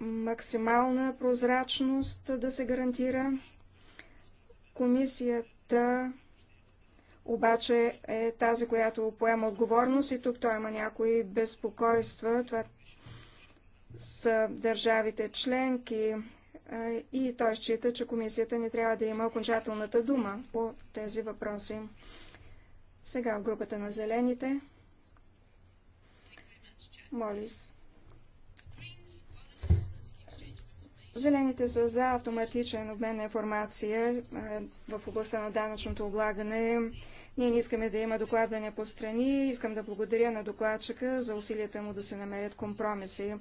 максимална прозрачност да се гарантира. Комисията обаче е тази, която поема отговорност и тук той има някои безпокойства. Това са държавите членки, и той счита, че комисията не трябва да има окончателната дума по тези въпроси. Сега в групата на зелените. Молис. Зелените са за автоматичен обмен на информация в областта на данъчното облагане. Ние не искаме да има докладване по страни. Искам да благодаря на докладчика за усилията му да се намерят компромиси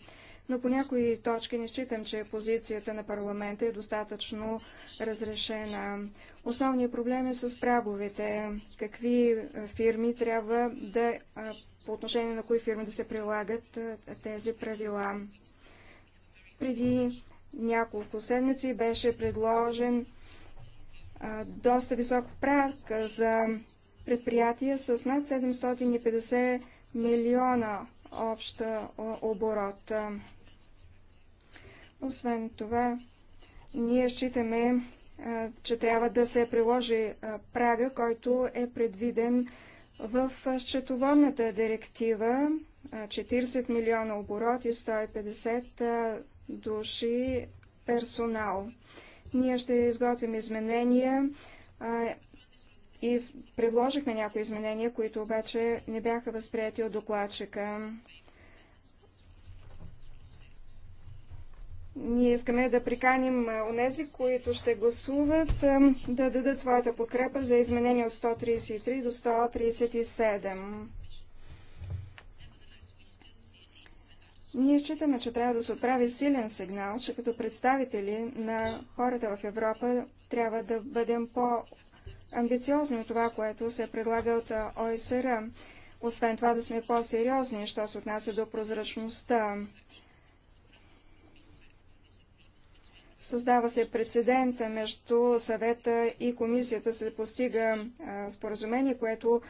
но по някои точки не считам, че позицията на парламента е достатъчно разрешена. Основният проблем е с праговете. Какви е, фирми трябва да, е, по отношение на кои фирми да се прилагат е, тези правила. Преди няколко седмици беше предложен доста висок прак за предприятия с над 750 милиона общ оборот. Освен това, ние считаме, че трябва да се приложи прага, който е предвиден в счетоводната директива 40 милиона оборот и 150 души персонал. Ние ще изготвим изменения и предложихме някои изменения, които обаче не бяха възприяти от докладчика. Ние искаме да приканим онези, които ще гласуват, да дадат своята подкрепа за изменение от 133 до 137. Ние считаме, че трябва да се отправи силен сигнал, че като представители на хората в Европа трябва да бъдем по амбициозно е това, което се предлага от ОСР. Освен това да сме по-сериозни, що се отнася до прозрачността. Създава се прецедента между съвета и комисията се постига споразумение, което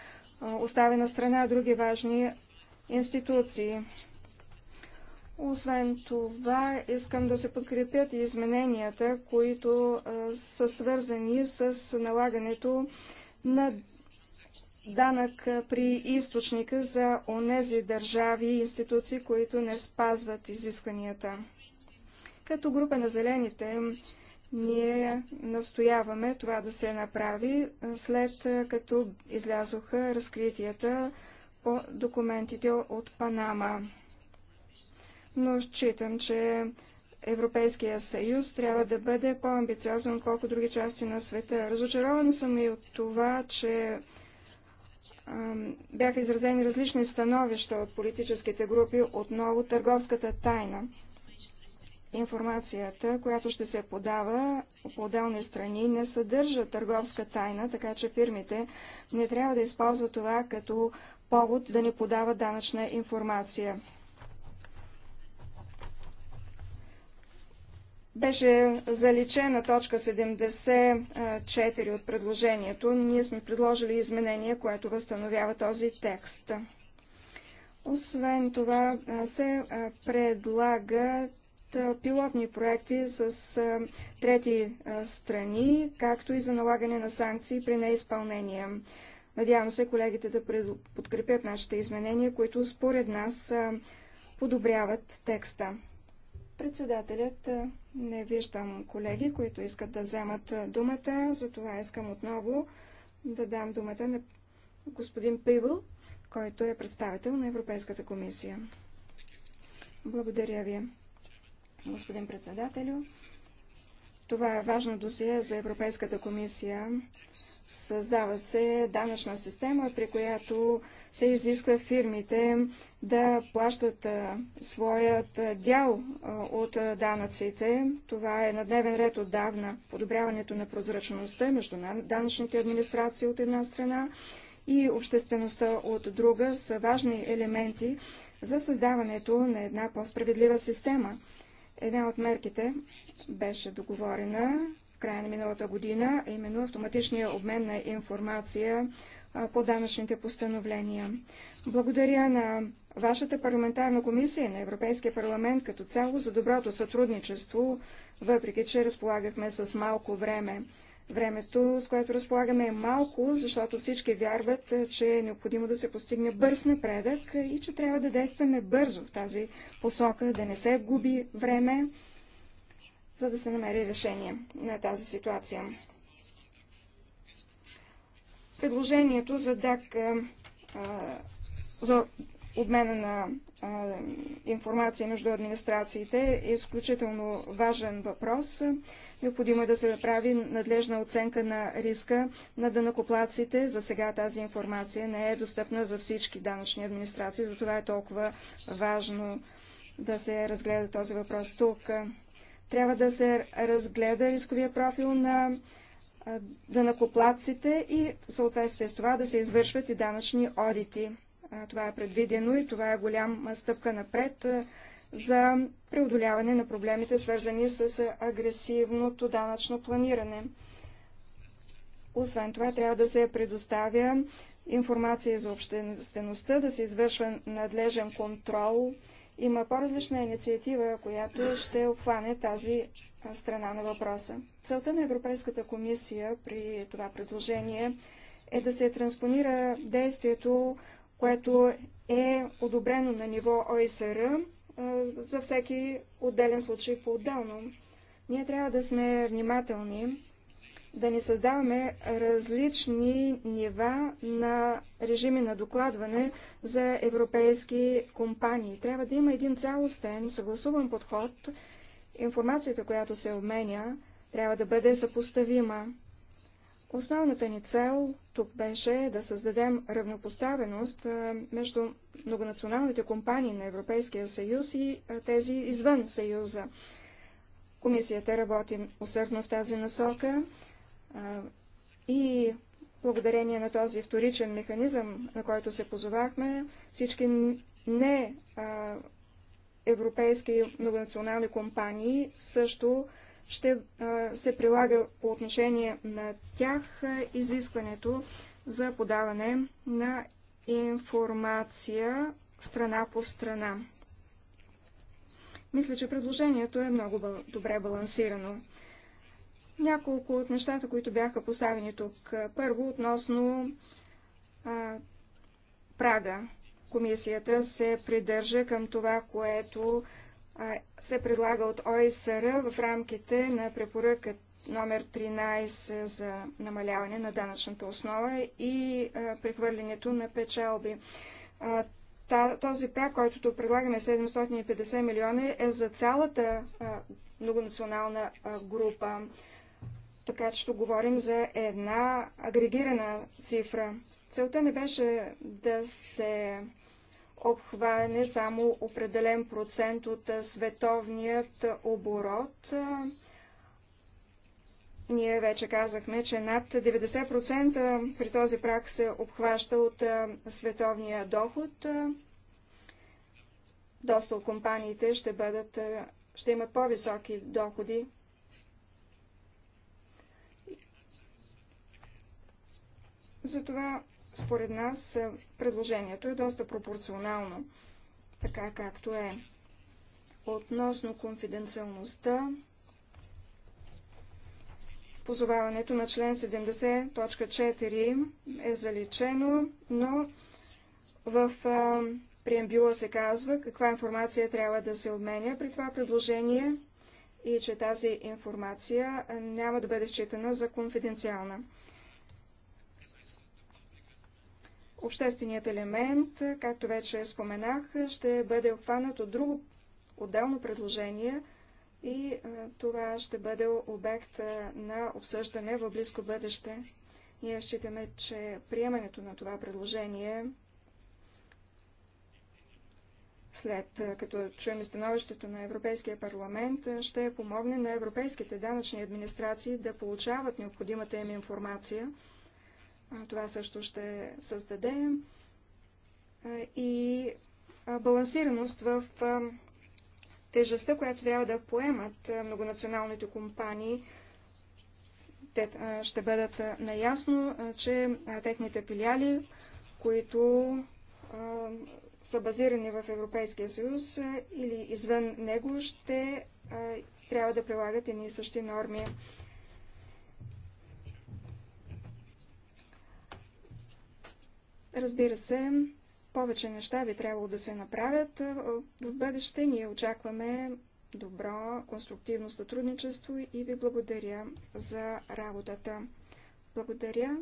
оставя на страна други важни институции. Освен това, искам да се подкрепят и измененията, които а, са свързани с налагането на данък при източника за онези държави и институции, които не спазват изискванията. Като група на зелените, ние настояваме това да се направи след като излязоха разкритията по документите от Панама но считам, че Европейския съюз трябва да бъде по-амбициозен, колко други части на света. Разочарован съм и от това, че а, бяха изразени различни становища от политическите групи отново търговската тайна. Информацията, която ще се подава по отделни страни, не съдържа търговска тайна, така че фирмите не трябва да използват това като повод да не подават данъчна информация. беше заличена точка 74 от предложението. Ние сме предложили изменение, което възстановява този текст. Освен това се предлагат пилотни проекти с трети страни, както и за налагане на санкции при неизпълнение. Надявам се колегите да подкрепят нашите изменения, които според нас подобряват текста. Председателят не виждам колеги, които искат да вземат думата, затова искам отново да дам думата на господин Пибъл, който е представител на Европейската комисия. Благодаря ви, господин председателю. Това е важно досие за Европейската комисия. Създава се данъчна система, при която се изисква фирмите да плащат своят дял от данъците. Това е на дневен ред отдавна. Подобряването на прозрачността между данъчните администрации от една страна и обществеността от друга са важни елементи за създаването на една по-справедлива система. Една от мерките беше договорена в края на миналата година, именно автоматичния обмен на информация по данъчните постановления. Благодаря на вашата парламентарна комисия и на Европейския парламент като цяло за доброто сътрудничество, въпреки че разполагахме с малко време. Времето, с което разполагаме е малко, защото всички вярват, че е необходимо да се постигне бърз напредък и че трябва да действаме бързо в тази посока, да не се губи време, за да се намери решение на тази ситуация предложението за ДАК за обмена на а, информация между администрациите е изключително важен въпрос. Необходимо е да се направи надлежна оценка на риска на дънакоплаците. За сега тази информация не е достъпна за всички данъчни администрации, затова е толкова важно да се разгледа този въпрос тук. Трябва да се разгледа рисковия профил на дънакоплаците и в съответствие с това да се извършват и данъчни одити. Това е предвидено и това е голяма стъпка напред за преодоляване на проблемите, свързани с агресивното данъчно планиране. Освен това, трябва да се предоставя информация за обществеността, да се извършва надлежен контрол. Има по-различна инициатива, която ще обхване тази страна на въпроса. Целта на Европейската комисия при това предложение е да се транспонира действието, което е одобрено на ниво ОСР за всеки отделен случай по-отделно. Ние трябва да сме внимателни, да не създаваме различни нива на режими на докладване за европейски компании. Трябва да има един цялостен, съгласуван подход информацията, която се обменя, трябва да бъде съпоставима. Основната ни цел тук беше да създадем равнопоставеност между многонационалните компании на Европейския съюз и тези извън съюза. Комисията работи усърдно в тази насока и благодарение на този вторичен механизъм, на който се позовахме, всички не европейски многонационални компании също ще се прилага по отношение на тях изискването за подаване на информация страна по страна. Мисля, че предложението е много добре балансирано. Няколко от нещата, които бяха поставени тук. Първо, относно а, прага комисията се придържа към това, което се предлага от ОСР в рамките на препоръка номер 13 за намаляване на данъчната основа и прехвърлянето на печалби. Този прак, който предлагаме 750 милиона, е за цялата многонационална група така че говорим за една агрегирана цифра. Целта не беше да се обхване само определен процент от световният оборот. Ние вече казахме, че над 90% при този прак се обхваща от световния доход. Доста от компаниите ще, бъдат, ще имат по-високи доходи Затова, според нас, е, предложението е доста пропорционално, така както е. Относно конфиденциалността, позоваването на член 70, точка 4 е заличено, но в преамбюла се казва каква информация трябва да се обменя при това предложение и че тази информация няма да бъде считана за конфиденциална. Общественият елемент, както вече споменах, ще бъде обхванат от друго отделно предложение и е, това ще бъде обект е, на обсъждане в близко бъдеще. Ние считаме, че приемането на това предложение след е, като чуем становището на Европейския парламент, ще помогне на европейските данъчни администрации да получават необходимата им информация – това също ще създаде и балансираност в тежестта, която трябва да поемат многонационалните компании. Те ще бъдат наясно, че техните филиали, които са базирани в Европейския съюз или извън него, ще трябва да прилагат едни и същи норми. Разбира се, повече неща би трябвало да се направят. В бъдеще ние очакваме добро, конструктивно сътрудничество и ви благодаря за работата. Благодаря.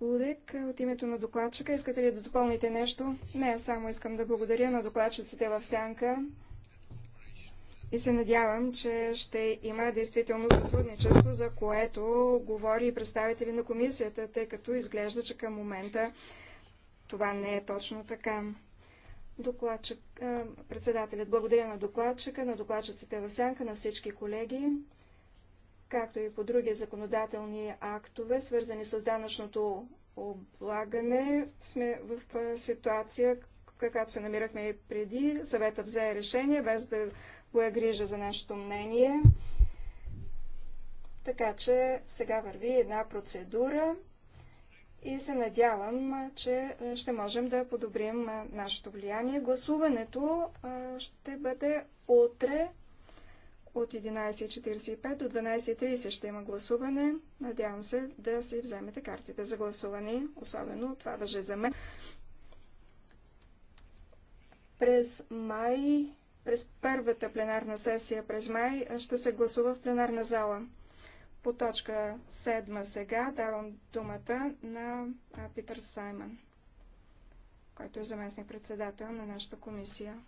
Лудек, от името на докладчика, искате ли да допълните нещо? Не, само искам да благодаря на докладчиците в Сянка и се надявам, че ще има действително сътрудничество, за което говори и представители на комисията, тъй като изглежда, че към момента това не е точно така. Докладчик, председателят благодаря на докладчика, на докладчиците в сянка, на всички колеги, както и по други законодателни актове, свързани с данъчното облагане. Сме в ситуация, каквато се намирахме и преди. Съветът взе решение, без да пое грижа за нашето мнение. Така че сега върви една процедура и се надявам, че ще можем да подобрим нашето влияние. Гласуването ще бъде утре от 11.45 до 12.30 ще има гласуване. Надявам се да си вземете картите за гласуване. Особено това въже за мен. През май през първата пленарна сесия през май ще се гласува в пленарна зала. По точка 7 сега давам думата на Питър Саймън, който е заместник председател на нашата комисия.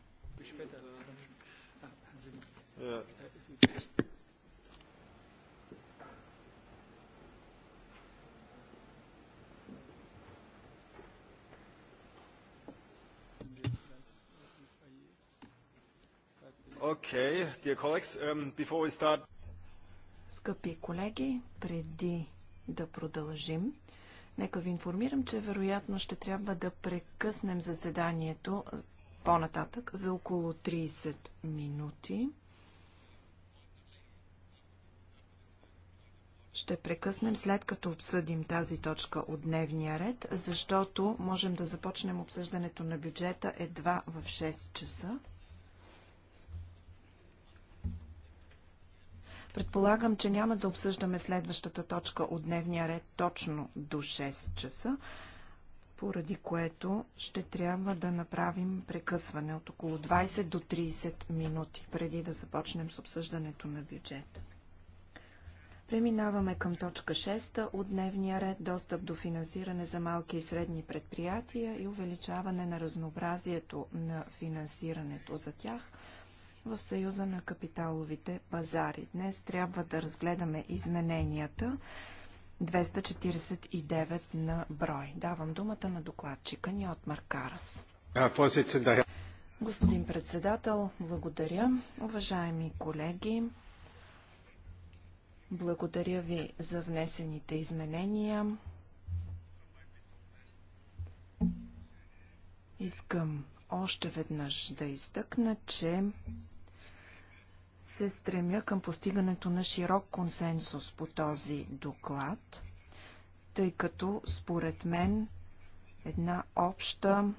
Okay, dear colleagues, um, before we start...
Скъпи колеги, преди да продължим, нека ви информирам, че вероятно ще трябва да прекъснем заседанието по-нататък за около 30 минути. ще прекъснем след като обсъдим тази точка от дневния ред, защото можем да започнем обсъждането на бюджета едва в 6 часа. Предполагам, че няма да обсъждаме следващата точка от дневния ред точно до 6 часа, поради което ще трябва да направим прекъсване от около 20 до 30 минути, преди да започнем с обсъждането на бюджета. Преминаваме към точка 6 от дневния ред достъп до финансиране за малки и средни предприятия и увеличаване на разнообразието на финансирането за тях в Съюза на капиталовите пазари. Днес трябва да разгледаме измененията 249 на брой. Давам думата на докладчика ни от Маркарас. Господин председател, благодаря. Уважаеми колеги, благодаря ви за внесените изменения. Искам още веднъж да изтъкна, че се стремя към постигането на широк консенсус по този доклад, тъй като според мен една обща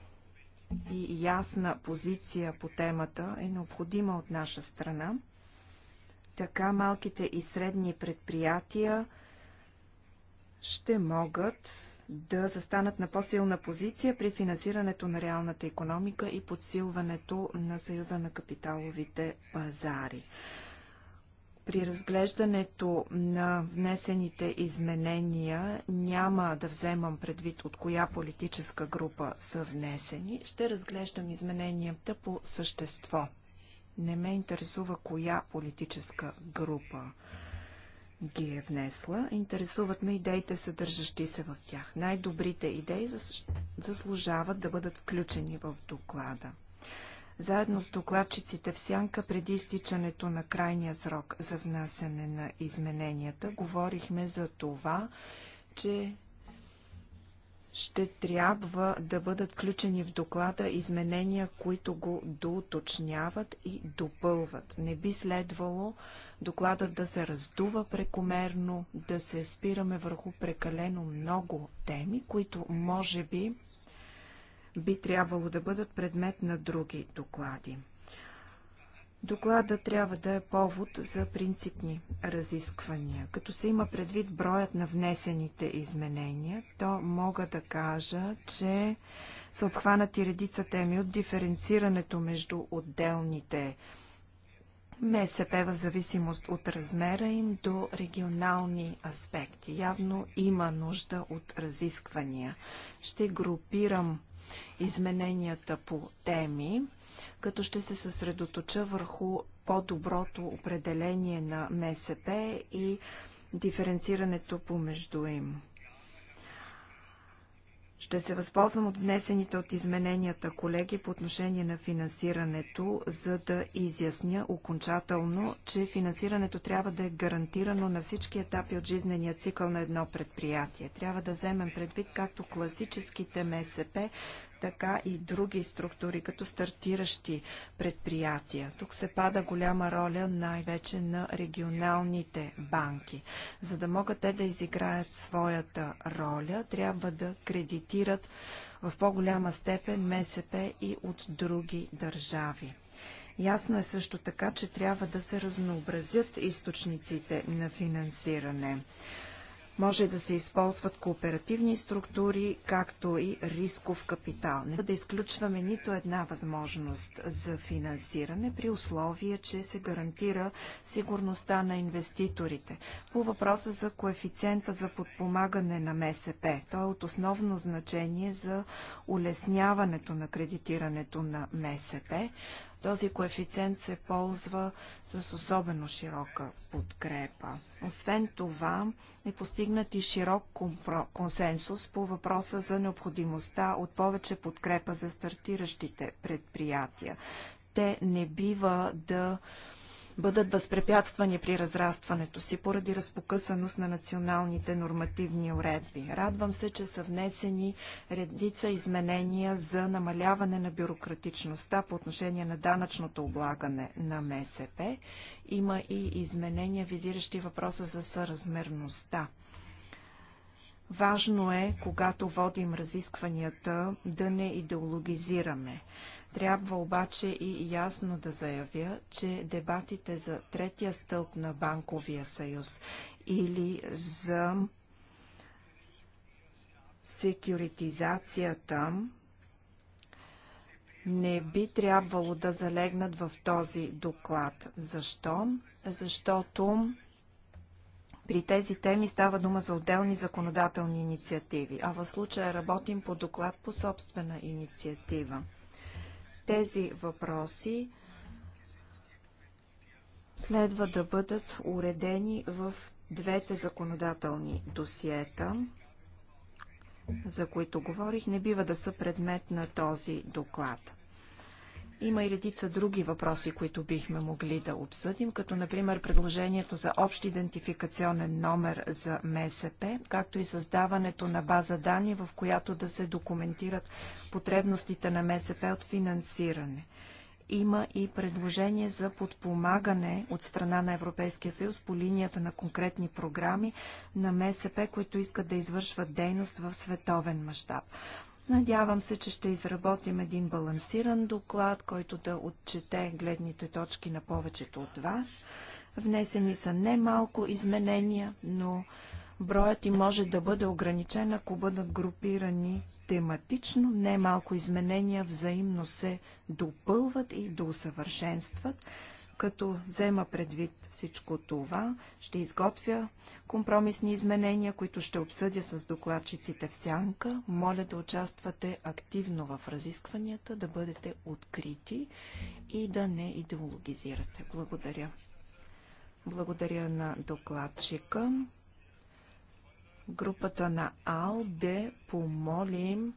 и ясна позиция по темата е необходима от наша страна. Така малките и средни предприятия – ще могат да застанат на по-силна позиция при финансирането на реалната економика и подсилването на Съюза на капиталовите пазари. При разглеждането на внесените изменения няма да вземам предвид от коя политическа група са внесени. Ще разглеждам измененията по същество. Не ме интересува коя политическа група ги е внесла. Интересуват ме идеите, съдържащи се в тях. Най-добрите идеи заслужават да бъдат включени в доклада. Заедно с докладчиците в сянка преди изтичането на крайния срок за внасяне на измененията, говорихме за това, че ще трябва да бъдат включени в доклада изменения, които го доуточняват и допълват. Не би следвало докладът да се раздува прекомерно, да се спираме върху прекалено много теми, които може би би трябвало да бъдат предмет на други доклади. Доклада трябва да е повод за принципни разисквания. Като се има предвид броят на внесените изменения, то мога да кажа, че са обхванати редица теми от диференцирането между отделните МСП в зависимост от размера им до регионални аспекти. Явно има нужда от разисквания. Ще групирам измененията по теми като ще се съсредоточа върху по-доброто определение на МСП и диференцирането помежду им. Ще се възползвам от внесените от измененията колеги по отношение на финансирането, за да изясня окончателно, че финансирането трябва да е гарантирано на всички етапи от жизнения цикъл на едно предприятие. Трябва да вземем предвид както класическите МСП, така и други структури, като стартиращи предприятия. Тук се пада голяма роля най-вече на регионалните банки. За да могат те да изиграят своята роля, трябва да кредитират в по-голяма степен МСП и от други държави. Ясно е също така, че трябва да се разнообразят източниците на финансиране. Може да се използват кооперативни структури, както и рисков капитал. Не да изключваме нито една възможност за финансиране при условие, че се гарантира сигурността на инвеститорите. По въпроса за коефициента за подпомагане на МСП, то е от основно значение за улесняването на кредитирането на МСП. Този коефициент се ползва с особено широка подкрепа. Освен това е постигнат и широк консенсус по въпроса за необходимостта от повече подкрепа за стартиращите предприятия. Те не бива да бъдат възпрепятствани при разрастването си поради разпокъсаност на националните нормативни уредби. Радвам се, че са внесени редица изменения за намаляване на бюрократичността по отношение на данъчното облагане на МСП. Има и изменения, визиращи въпроса за съразмерността. Важно е, когато водим разискванията, да не идеологизираме. Трябва обаче и ясно да заявя, че дебатите за третия стълб на Банковия съюз или за секюритизацията не би трябвало да залегнат в този доклад. Защо? Защото при тези теми става дума за отделни законодателни инициативи, а в случая работим по доклад по собствена инициатива. Тези въпроси следва да бъдат уредени в двете законодателни досиета, за които говорих, не бива да са предмет на този доклад. Има и редица други въпроси, които бихме могли да обсъдим, като например предложението за общ идентификационен номер за МСП, както и създаването на база данни, в която да се документират потребностите на МСП от финансиране има и предложение за подпомагане от страна на Европейския съюз по линията на конкретни програми на МСП, които искат да извършват дейност в световен мащаб. Надявам се, че ще изработим един балансиран доклад, който да отчете гледните точки на повечето от вас. Внесени са немалко изменения, но броят им може да бъде ограничен, ако бъдат групирани тематично. Немалко изменения взаимно се допълват и доусъвършенстват. Да като взема предвид всичко това, ще изготвя компромисни изменения, които ще обсъдя с докладчиците в сянка. Моля да участвате активно в разискванията, да бъдете открити и да не идеологизирате. Благодаря. Благодаря на докладчика. Групата на АЛДЕ помолим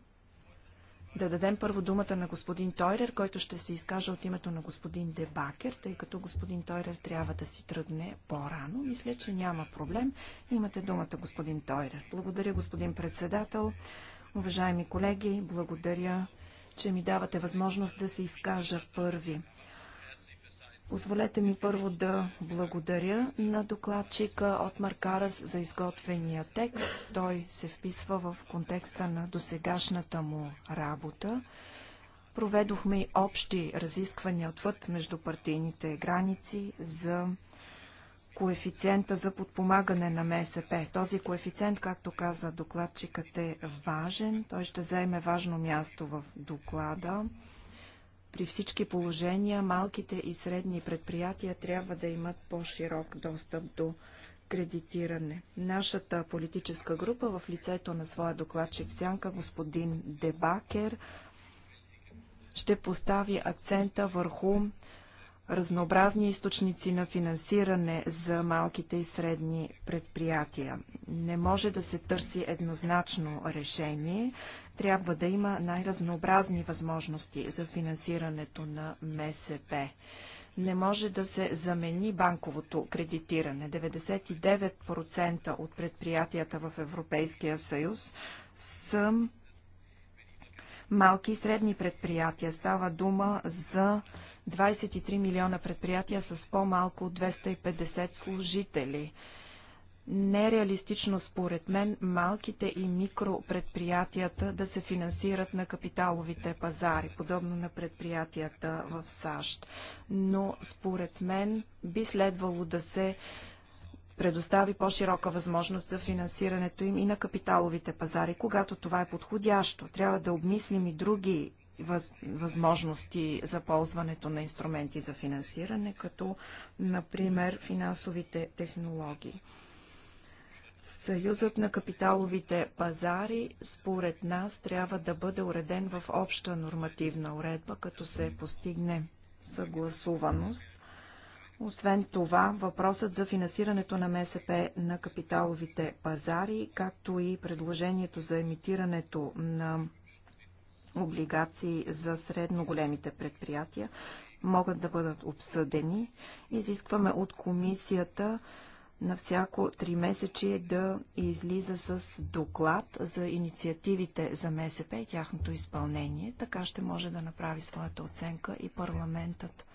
да дадем първо думата на господин Тойрер, който ще се изкаже от името на господин Дебакер, тъй като господин Тойрер трябва да си тръгне по-рано. Мисля, че няма проблем. Имате думата, господин Тойрер. Благодаря, господин председател. Уважаеми колеги, благодаря, че ми давате възможност да се изкажа първи. Позволете ми първо да благодаря на докладчика от Маркарас за изготвения текст. Той се вписва в контекста на досегашната му работа. Проведохме и общи разисквания отвъд между партийните граници за коефициента за подпомагане на МСП. Този коефициент, както каза докладчикът, е важен. Той ще заеме важно място в доклада. При всички положения малките и средни предприятия трябва да имат по-широк достъп до кредитиране. Нашата политическа група в лицето на своя докладчик Сянка, господин Дебакер, ще постави акцента върху разнообразни източници на финансиране за малките и средни предприятия. Не може да се търси еднозначно решение трябва да има най-разнообразни възможности за финансирането на МСП. Не може да се замени банковото кредитиране. 99% от предприятията в Европейския съюз са малки и средни предприятия. Става дума за 23 милиона предприятия с по-малко от 250 служители – нереалистично според мен малките и микропредприятията да се финансират на капиталовите пазари, подобно на предприятията в САЩ. Но според мен би следвало да се предостави по-широка възможност за финансирането им и на капиталовите пазари, когато това е подходящо. Трябва да обмислим и други възможности за ползването на инструменти за финансиране, като, например, финансовите технологии. Съюзът на капиталовите пазари, според нас, трябва да бъде уреден в обща нормативна уредба, като се постигне съгласуваност. Освен това, въпросът за финансирането на МСП на капиталовите пазари, както и предложението за емитирането на облигации за средно големите предприятия, могат да бъдат обсъдени. Изискваме от комисията на всяко три месечи да излиза с доклад за инициативите за МСП и тяхното изпълнение. Така ще може да направи своята оценка и парламентът.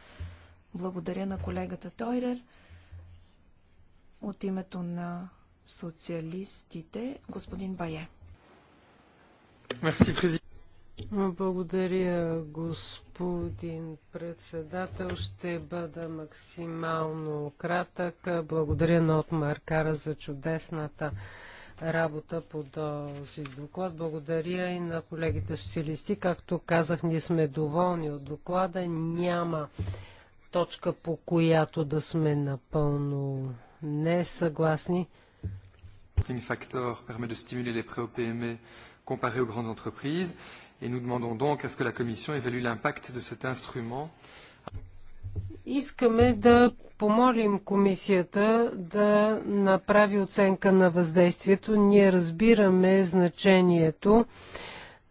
Благодаря на колегата Тойрер. От името на социалистите, господин Бае.
Мерси, президент.
Благодаря,
господин председател. Ще бъда максимално кратък. Благодаря на Отмар за чудесната работа по този доклад. Благодаря и на колегите социалисти. Както казах, ние сме доволни от доклада. Няма точка, по която да сме напълно несъгласни.
съгласни. permet de stimuler les prêts aux PME comparés aux grandes entreprises et nous demandons donc à ce que la Commission évalue l'impact de cet instrument.
Искаме да помолим комисията да направи оценка на въздействието. Ние разбираме значението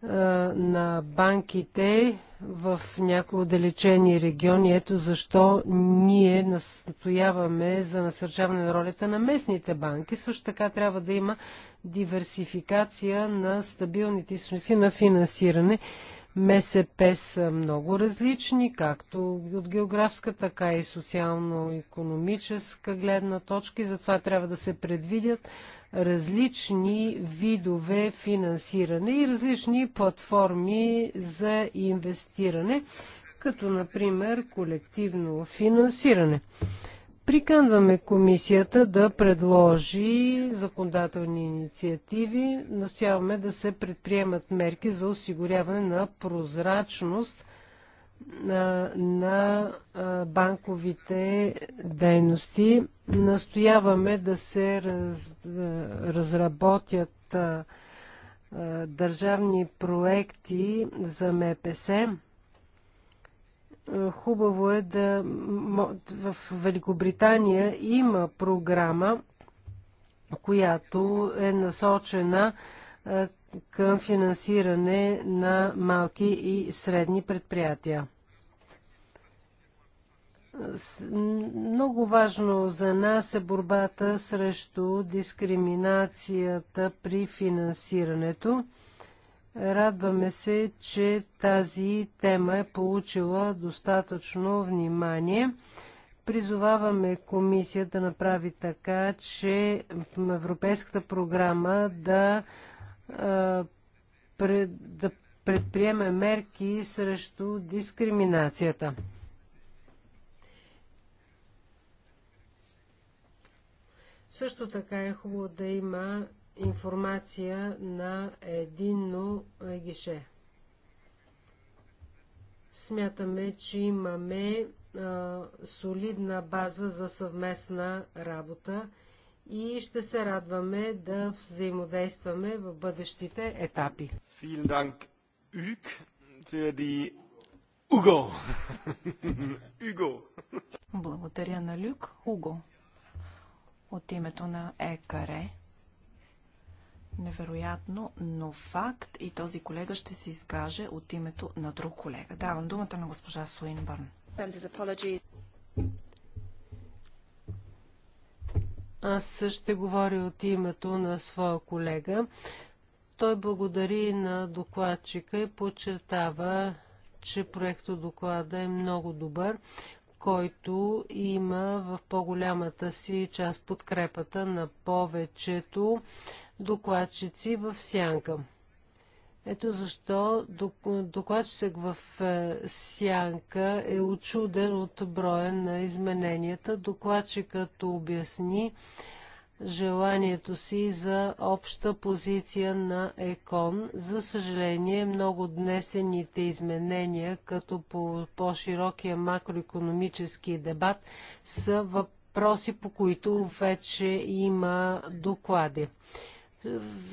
а, на банките в някои отдалечени региони. Ето защо ние настояваме за насърчаване на ролята на местните банки. Също така трябва да има диверсификация на стабилните източници на финансиране. МСП са много различни, както от географска, така и социално-економическа гледна точка и затова трябва да се предвидят различни видове финансиране и различни платформи за инвестиране, като например колективно финансиране. Приканваме комисията да предложи законодателни инициативи. Настояваме да се предприемат мерки за осигуряване на прозрачност на, на банковите дейности. Настояваме да се раз, разработят а, държавни проекти за МПС. Хубаво е да в Великобритания има програма, която е насочена към финансиране на малки и средни предприятия. Много важно за нас е борбата срещу дискриминацията при финансирането. Радваме се, че тази тема е получила достатъчно внимание. Призоваваме комисията да направи така, че Европейската програма да, да предприеме мерки срещу дискриминацията. Също така е хубаво да има информация на единно гише. Смятаме, че имаме а, солидна база за съвместна работа и ще се радваме да взаимодействаме в бъдещите
етапи. Уго! Уго!
Благодаря на Люк. Уго. От името на ЕКАРЕ невероятно, но факт и този колега ще се изкаже от името на друг колега. Давам думата на госпожа Суинбърн.
Аз ще говоря от името на своя колега. Той благодари на докладчика и подчертава, че доклада е много добър, който има в по-голямата си част подкрепата на повечето докладчици в сянка. Ето защо докладчик в е, сянка е очуден от броя на измененията. Докладчикът обясни желанието си за обща позиция на ЕКОН. За съжаление, много днесените изменения, като по по-широкия макроекономически дебат, са въпроси, по които вече има доклади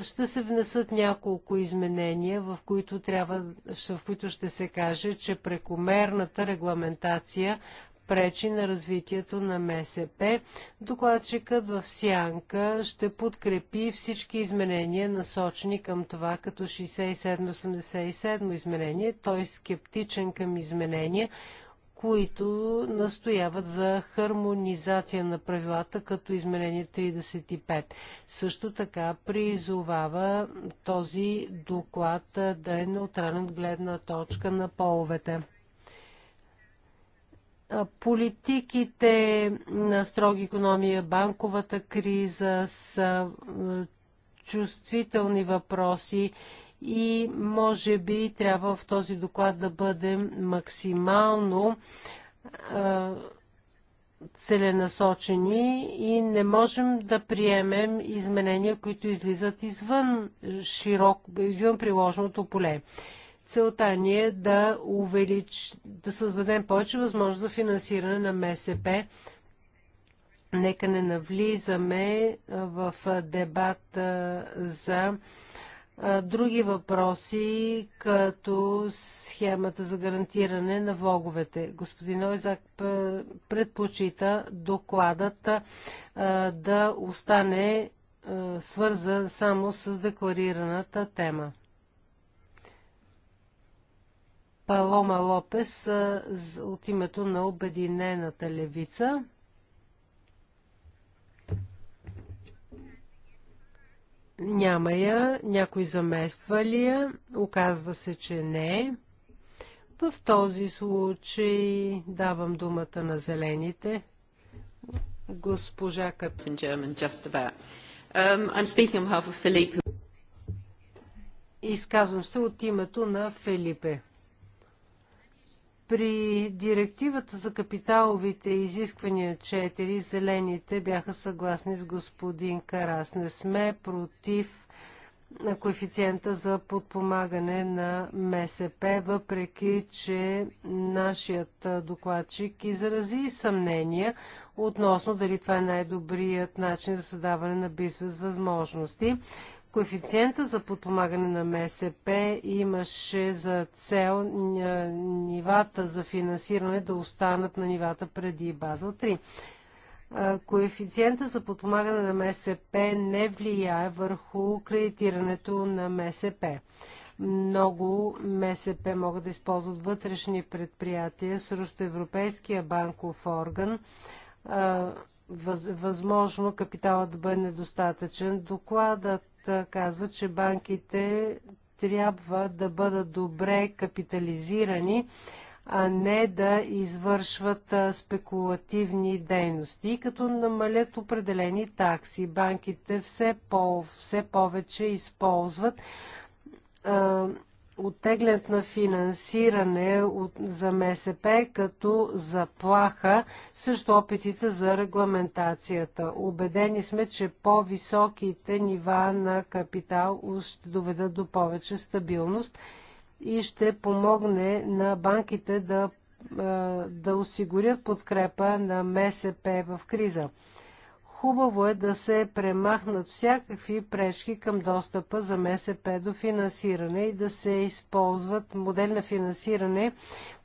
ще се внесат няколко изменения, в които, трябва, в които ще се каже, че прекомерната регламентация пречи на развитието на МСП. Докладчикът в Сянка ще подкрепи всички изменения, насочени към това, като 67-87 изменение. Той е скептичен към изменения, които настояват за хармонизация на правилата като изменение 35. Също така призовава този доклад да е неутрален гледна точка на половете. Политиките на строги економия, банковата криза са чувствителни въпроси и може би трябва в този доклад да бъдем максимално целенасочени и не можем да приемем изменения, които излизат извън, широк, извън приложеното поле. Целта ни е да, увелич, да създадем повече възможност за финансиране на МСП. Нека не навлизаме в дебата за други въпроси, като схемата за гарантиране на влоговете. Господин Ойзак предпочита докладът да остане свързан само с декларираната тема. Палома Лопес от името на Обединената левица. Няма я. Някой замества ли я? Оказва се, че не. В този случай давам думата на зелените. Госпожа Кап... Um, Изказвам се от името на Филипе. При директивата за капиталовите изисквания 4 зелените бяха съгласни с господин Карас. Не сме против коефициента за подпомагане на МСП, въпреки че нашият докладчик изрази съмнения относно дали това е най-добрият начин за създаване на бизнес възможности. Коефициента за подпомагане на МСП имаше за цел нивата за финансиране да останат на нивата преди Базел 3. Коефициента за подпомагане на МСП не влияе върху кредитирането на МСП. Много МСП могат да използват вътрешни предприятия срещу Европейския банков орган. възможно капиталът да бъде недостатъчен. Докладът казва, че банките трябва да бъдат добре капитализирани, а не да извършват спекулативни дейности. И като намалят определени такси, банките все, по, все повече използват оттеглят на финансиране от, за МСП като заплаха също опитите за регламентацията. Обедени сме, че по-високите нива на капитал ще доведат до повече стабилност и ще помогне на банките да, да осигурят подкрепа на МСП в криза. Хубаво е да се премахнат всякакви пречки към достъпа за МСП до финансиране и да се използват модели на финансиране,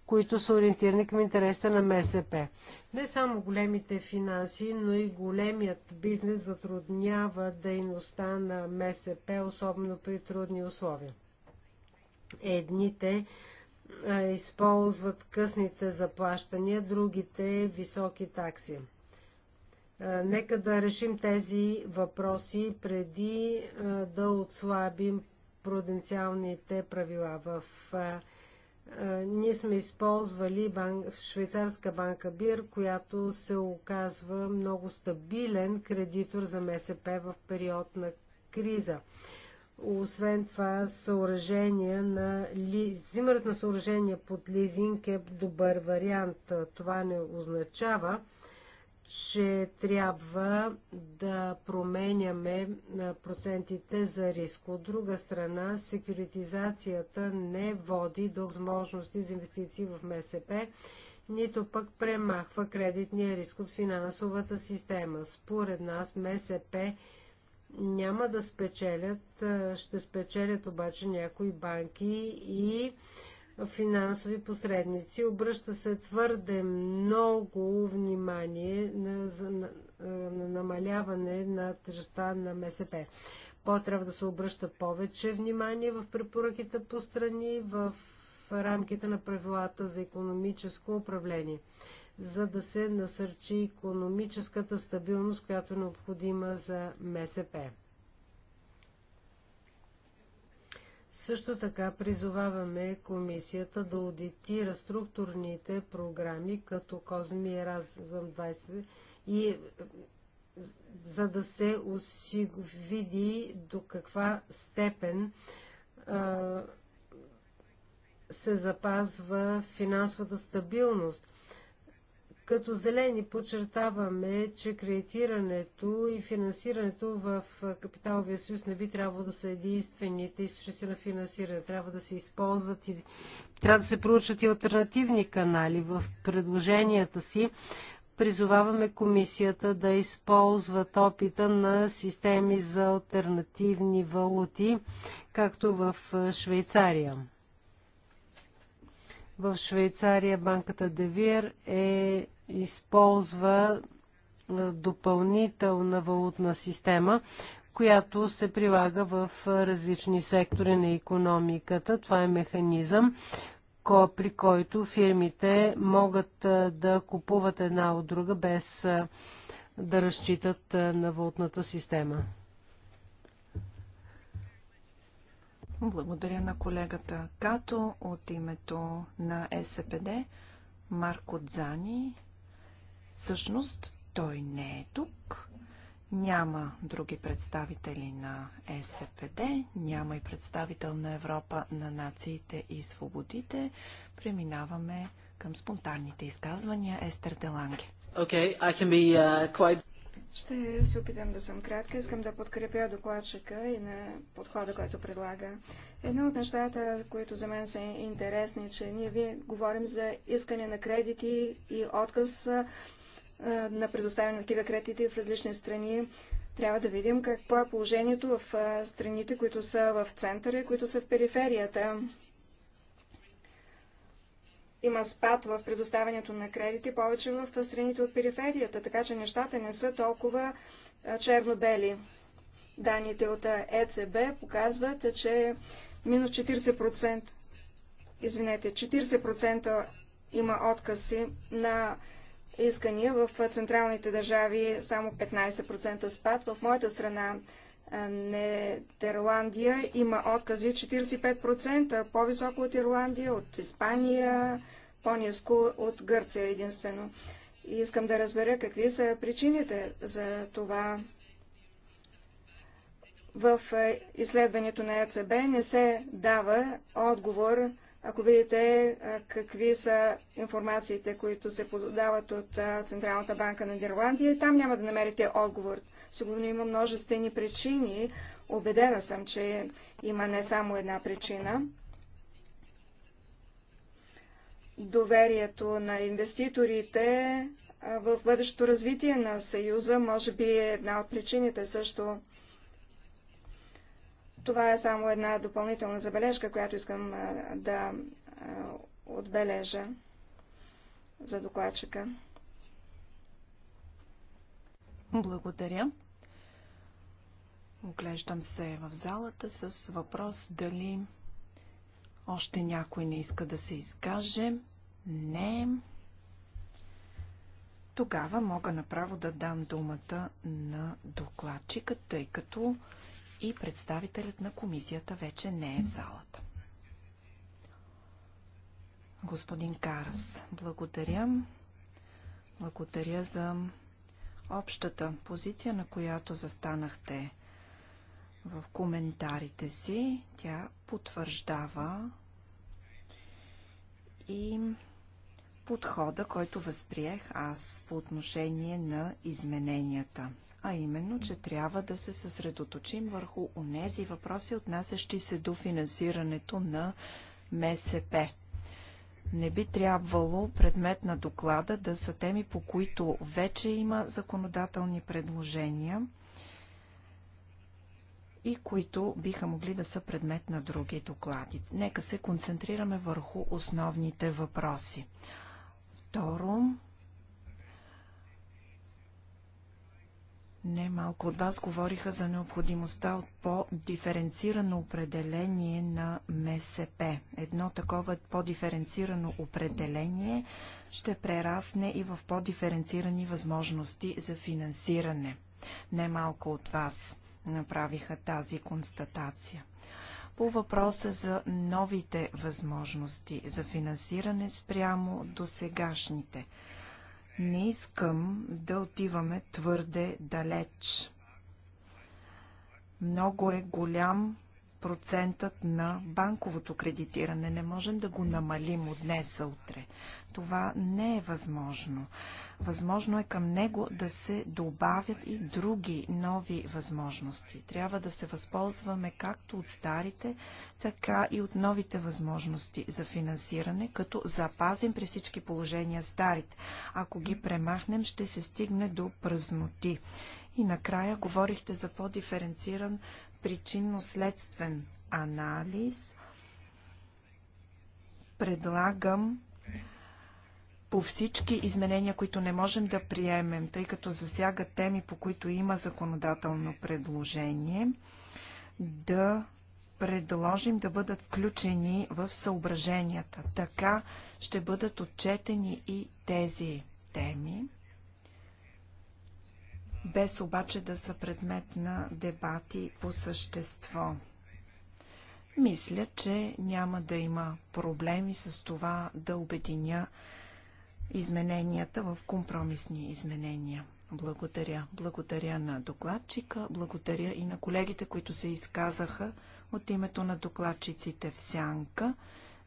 които са ориентирани към интересите на МСП. Не само големите финанси, но и големият бизнес затруднява дейността на МСП, особено при трудни условия. Едните използват късните заплащания, другите високи такси. Е, нека да решим тези въпроси преди е, да отслабим пруденциалните правила. В е, ние сме използвали банк, швейцарска банка БИР, която се оказва много стабилен кредитор за МСП в период на криза. Освен това, съоръжение на ли... на съоръжение под лизинг е добър вариант. Това не означава, че трябва да променяме процентите за риск. От друга страна, секюритизацията не води до възможности за инвестиции в МСП, нито пък премахва кредитния риск от финансовата система. Според нас МСП няма да спечелят, ще спечелят обаче някои банки и финансови посредници. Обръща се твърде много внимание на, на, на намаляване на тежестта на МСП. По трябва да се обръща повече внимание в препоръките по страни в рамките на правилата за економическо управление, за да се насърчи економическата стабилност, която е необходима за МСП. Също така призоваваме комисията да аудитира структурните програми като Козми и Разъм 20 и е, за да се види до каква степен а, се запазва финансовата стабилност като зелени подчертаваме, че кредитирането и финансирането в капиталовия съюз не би трябвало да са единствените източници на финансиране. Трябва да се използват и трябва да се проучат и альтернативни канали. В предложенията си призоваваме комисията да използват опита на системи за альтернативни валути, както в Швейцария. В Швейцария банката Девир е използва допълнителна валутна система, която се прилага в различни сектори на економиката. Това е механизъм, при който фирмите могат да купуват една от друга без да разчитат на валутната система.
Благодаря на колегата Като от името на СПД Марко Дзани Всъщност той не е тук. Няма други представители на СПД, няма и представител на Европа на нациите и свободите. Преминаваме към спонтанните изказвания Естер Деланге.
Okay, I can be, uh, quite...
Ще се опитам да съм кратка. Искам да подкрепя докладчика и на подхода, който предлага. Едно от нещата, които за мен са интересни, е, че ние вие говорим за искане на кредити и отказ е, на предоставяне на такива кредити в различни страни. Трябва да видим какво е положението в е, страните, които са в центъра и които са в периферията. Има спад в предоставянето на кредити повече в страните от периферията, така че нещата не са толкова е, черно-бели. Даните от ЕЦБ показват, че минус 40%, извинете, 40% има откази на искания в централните държави само 15% спад. В моята страна Нидерландия има откази 45%, по-високо от Ирландия, от Испания, по-низко от Гърция единствено. И искам да разбера какви са причините за това. В изследването на ЕЦБ не се дава отговор ако видите какви са информациите, които се подават от Централната банка на Нидерландия, там няма да намерите отговор. Сигурно има множествени причини. Обедена съм, че има не само една причина. Доверието на инвеститорите в бъдещото развитие на Съюза може би е една от причините също. Това е само една допълнителна забележка, която искам да отбележа за докладчика.
Благодаря. Оглеждам се в залата с въпрос дали още някой не иска да се изкаже. Не. Тогава мога направо да дам думата на докладчика, тъй като и представителят на комисията вече не е в залата. Господин Карас, благодаря. Благодаря за общата позиция, на която застанахте в коментарите си. Тя потвърждава и подхода, който възприех аз по отношение на измененията а именно, че трябва да се съсредоточим върху онези въпроси, отнасящи се до финансирането на МСП. Не би трябвало предмет на доклада да са теми, по които вече има законодателни предложения и които биха могли да са предмет на други доклади. Нека се концентрираме върху основните въпроси. Второ, Немалко от вас говориха за необходимостта от по-диференцирано определение на МСП. Едно такова по-диференцирано определение ще прерасне и в по-диференцирани възможности за финансиране. Немалко от вас направиха тази констатация. По въпроса за новите възможности за финансиране спрямо до сегашните – не искам да отиваме твърде далеч. Много е голям процентът на банковото кредитиране. Не можем да го намалим от днес за утре. Това не е възможно. Възможно е към него да се добавят и други нови възможности. Трябва да се възползваме както от старите, така и от новите възможности за финансиране, като запазим при всички положения старите. Ако ги премахнем, ще се стигне до празноти. И накрая говорихте за по-диференциран причинно-следствен анализ. Предлагам по всички изменения, които не можем да приемем, тъй като засяга теми, по които има законодателно предложение, да предложим да бъдат включени в съображенията. Така ще бъдат отчетени и тези теми, без обаче да са предмет на дебати по същество. Мисля, че няма да има проблеми с това да обединя измененията в компромисни изменения. Благодаря. Благодаря на докладчика, благодаря и на колегите, които се изказаха от името на докладчиците в Сянка.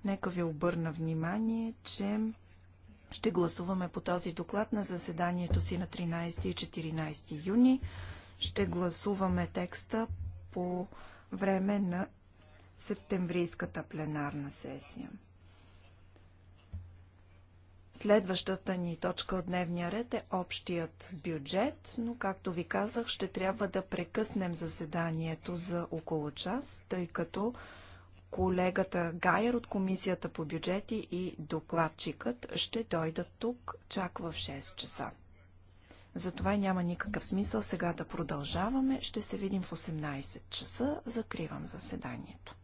Нека ви обърна внимание, че ще гласуваме по този доклад на заседанието си на 13 и 14 юни. Ще гласуваме текста по време на септемврийската пленарна сесия. Следващата ни точка от дневния ред е общият бюджет, но както ви казах, ще трябва да прекъснем заседанието за около час, тъй като колегата Гайер от Комисията по бюджети и докладчикът ще дойдат тук чак в 6 часа. Затова няма никакъв смисъл сега да продължаваме. Ще се видим в 18 часа. Закривам заседанието.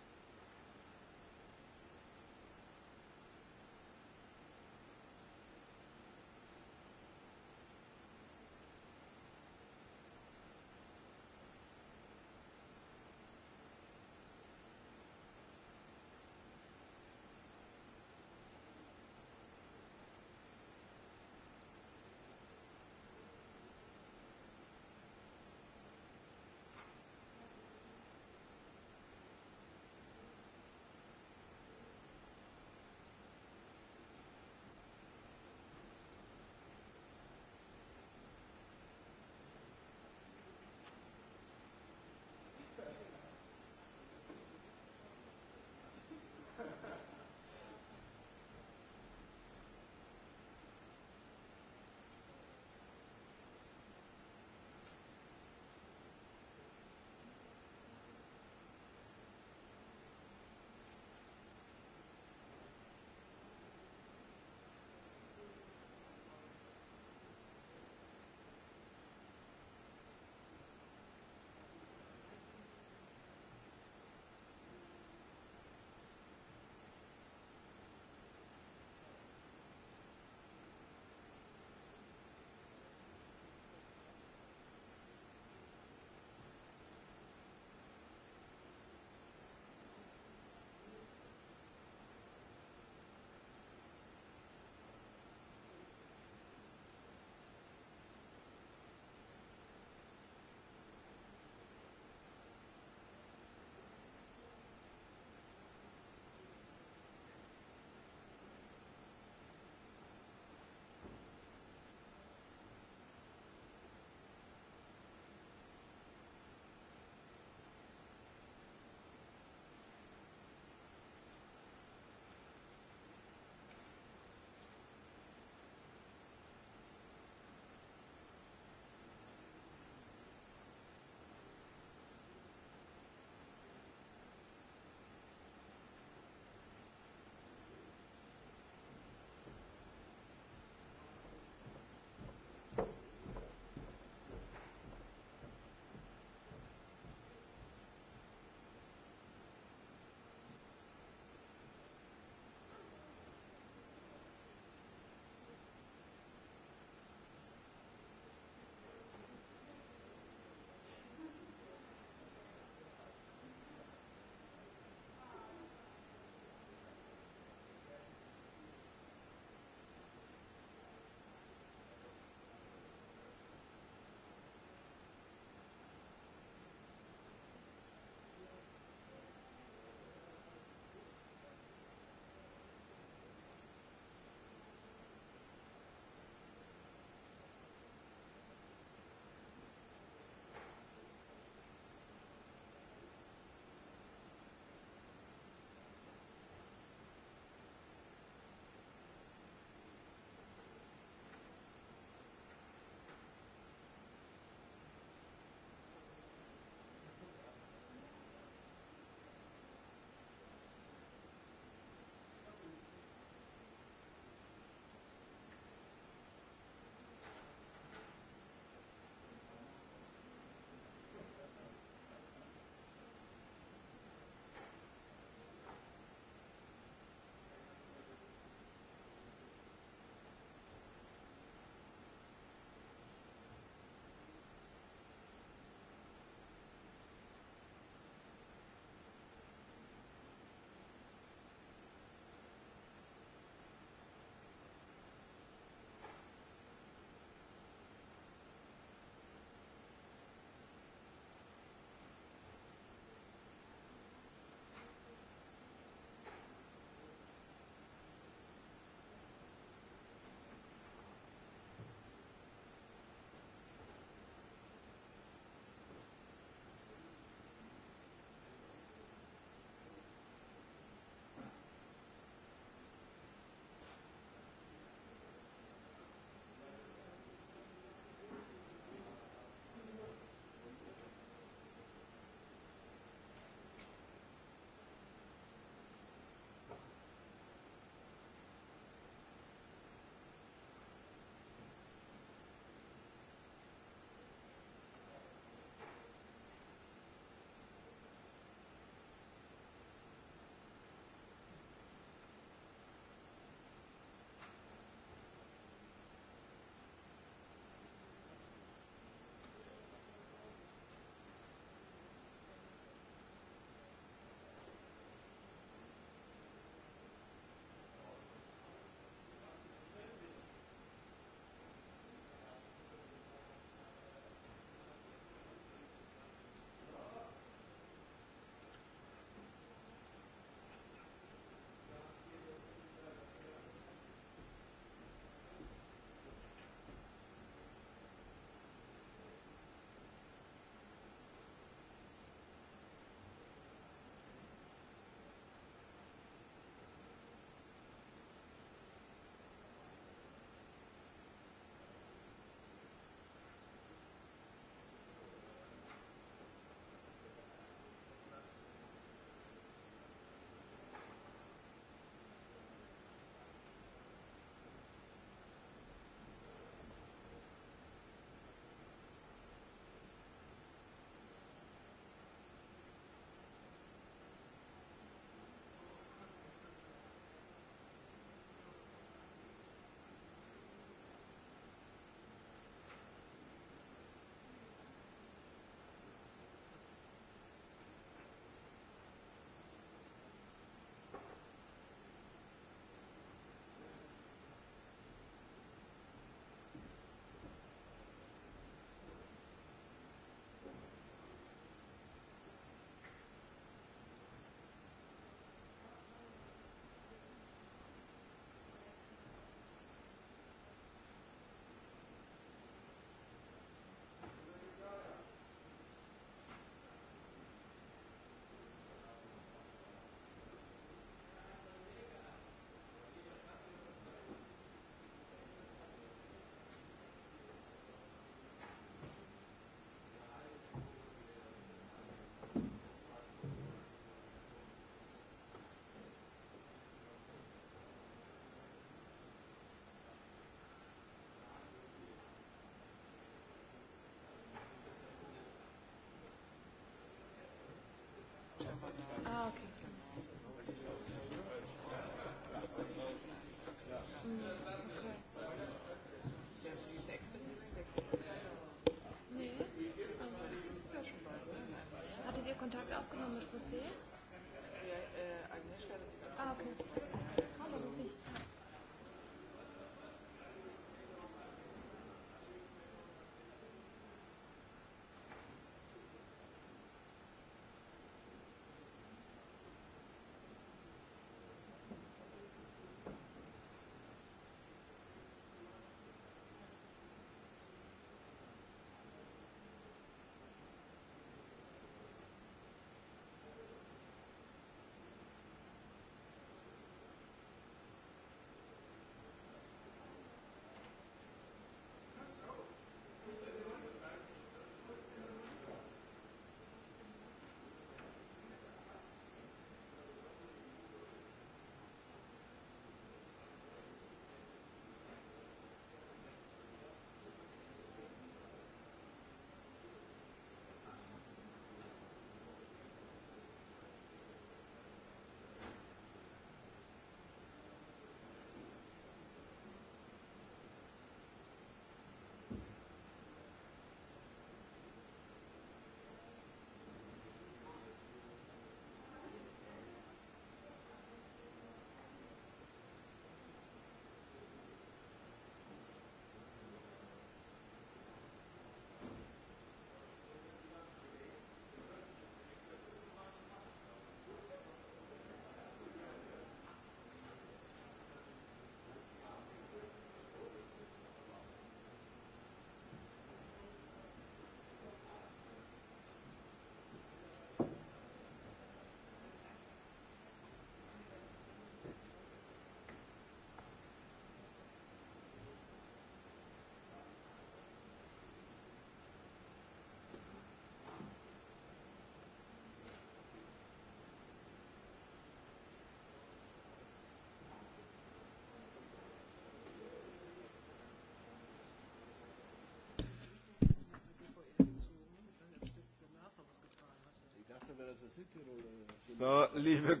So, liebe.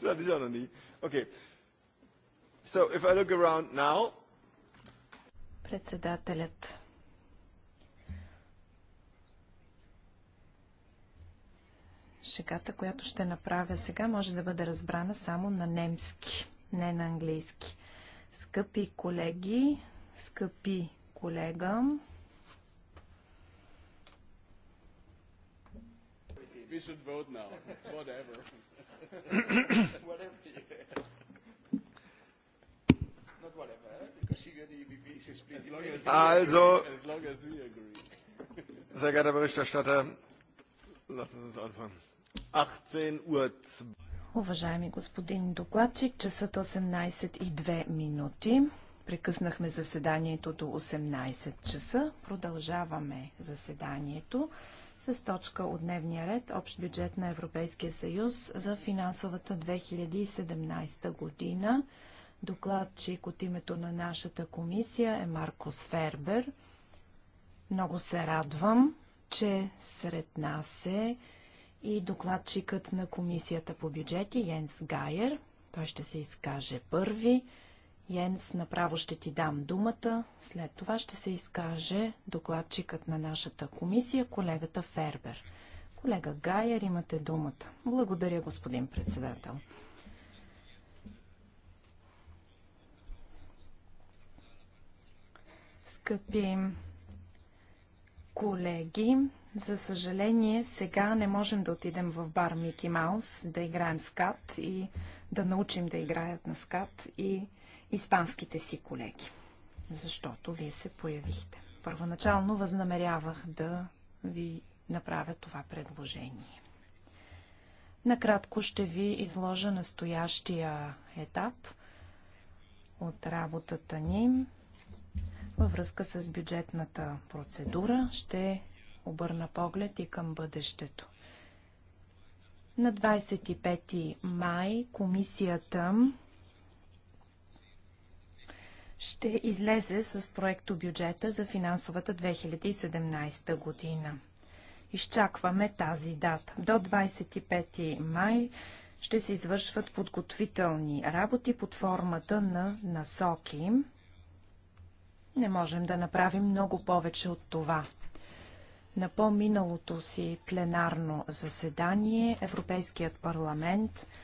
das hatte ich auch noch nie. Okay. So, if I look around now.
Председателят. Шегата, която ще направя сега, може да бъде разбрана само на немски, не на английски. Скъпи колеги, скъпи колега,
we should vote now. Whatever. whatever. Not whatever, because you the EBB is split. As long as, also, as long as we agree. Sehr geehrter Berichterstatter, lassen Sie uns anfangen. 18 Uhr.
Уважаеми господин докладчик, часът 18.02 минути. Прекъснахме заседанието до 18 часа. Продължаваме заседанието с точка от дневния ред Общ бюджет на Европейския съюз за финансовата 2017 година. Докладчик от името на нашата комисия е Маркос Фербер. Много се радвам, че сред нас е и докладчикът на комисията по бюджети Йенс Гайер. Той ще се изкаже първи. Йенс, направо ще ти дам думата. След това ще се изкаже докладчикът на нашата комисия, колегата Фербер. Колега Гайер, имате думата. Благодаря, господин председател. Скъпи колеги, за съжаление сега не можем да отидем в бар Мики Маус, да играем скат и да научим да играят на скат и испанските си колеги, защото вие се появихте. Първоначално възнамерявах да ви направя това предложение. Накратко ще ви изложа настоящия етап от работата ни във връзка с бюджетната процедура. Ще обърна поглед и към бъдещето. На 25 май комисията ще излезе с проекто бюджета за финансовата 2017 година. Изчакваме тази дата. До 25 май ще се извършват подготвителни работи под формата на насоки. Не можем да направим много повече от това. На по-миналото си пленарно заседание Европейският парламент –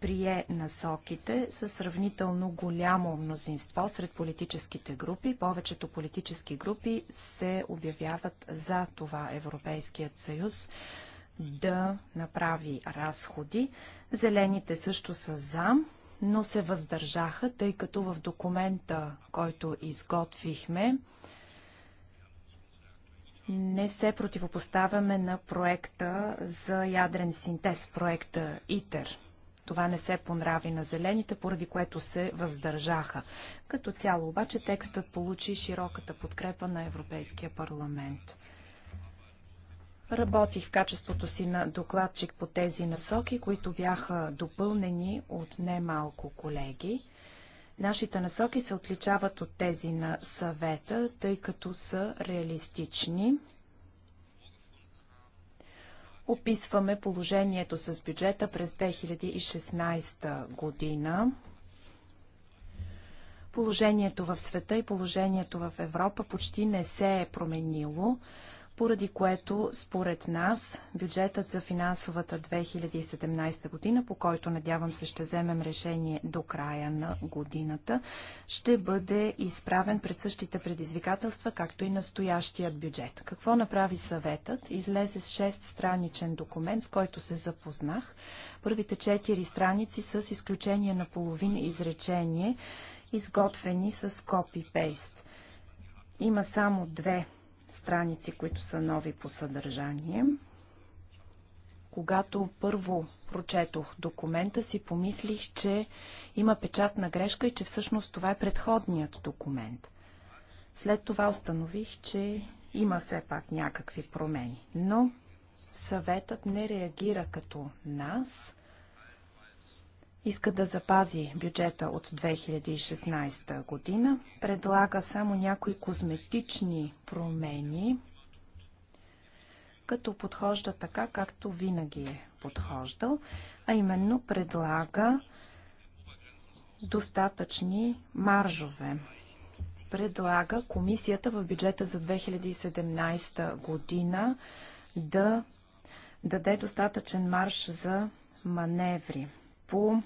прие насоките с сравнително голямо мнозинство сред политическите групи. Повечето политически групи се обявяват за това Европейският съюз да направи разходи. Зелените също са за, но се въздържаха, тъй като в документа, който изготвихме, не се противопоставяме на проекта за ядрен синтез, проекта ИТЕР. Това не се понрави на зелените, поради което се въздържаха. Като цяло обаче текстът получи широката подкрепа на Европейския парламент. Работих в качеството си на докладчик по тези насоки, които бяха допълнени от немалко колеги. Нашите насоки се отличават от тези на съвета, тъй като са реалистични. Описваме положението с бюджета през 2016 година. Положението в света и положението в Европа почти не се е променило поради което според нас бюджетът за финансовата 2017 година, по който надявам се ще вземем решение до края на годината, ще бъде изправен пред същите предизвикателства, както и настоящият бюджет. Какво направи съветът? Излезе с 6 страничен документ, с който се запознах. Първите 4 страници с изключение на половин изречение, изготвени с копи-пейст. Има само две страници, които са нови по съдържание. Когато първо прочетох документа си, помислих, че има печатна грешка и че всъщност това е предходният документ. След това установих, че има все пак някакви промени. Но съветът не реагира като нас – иска да запази бюджета от 2016 година, предлага само някои козметични промени, като подхожда така, както винаги е подхождал, а именно предлага достатъчни маржове. Предлага комисията в бюджета за 2017 година да даде достатъчен марш за маневри по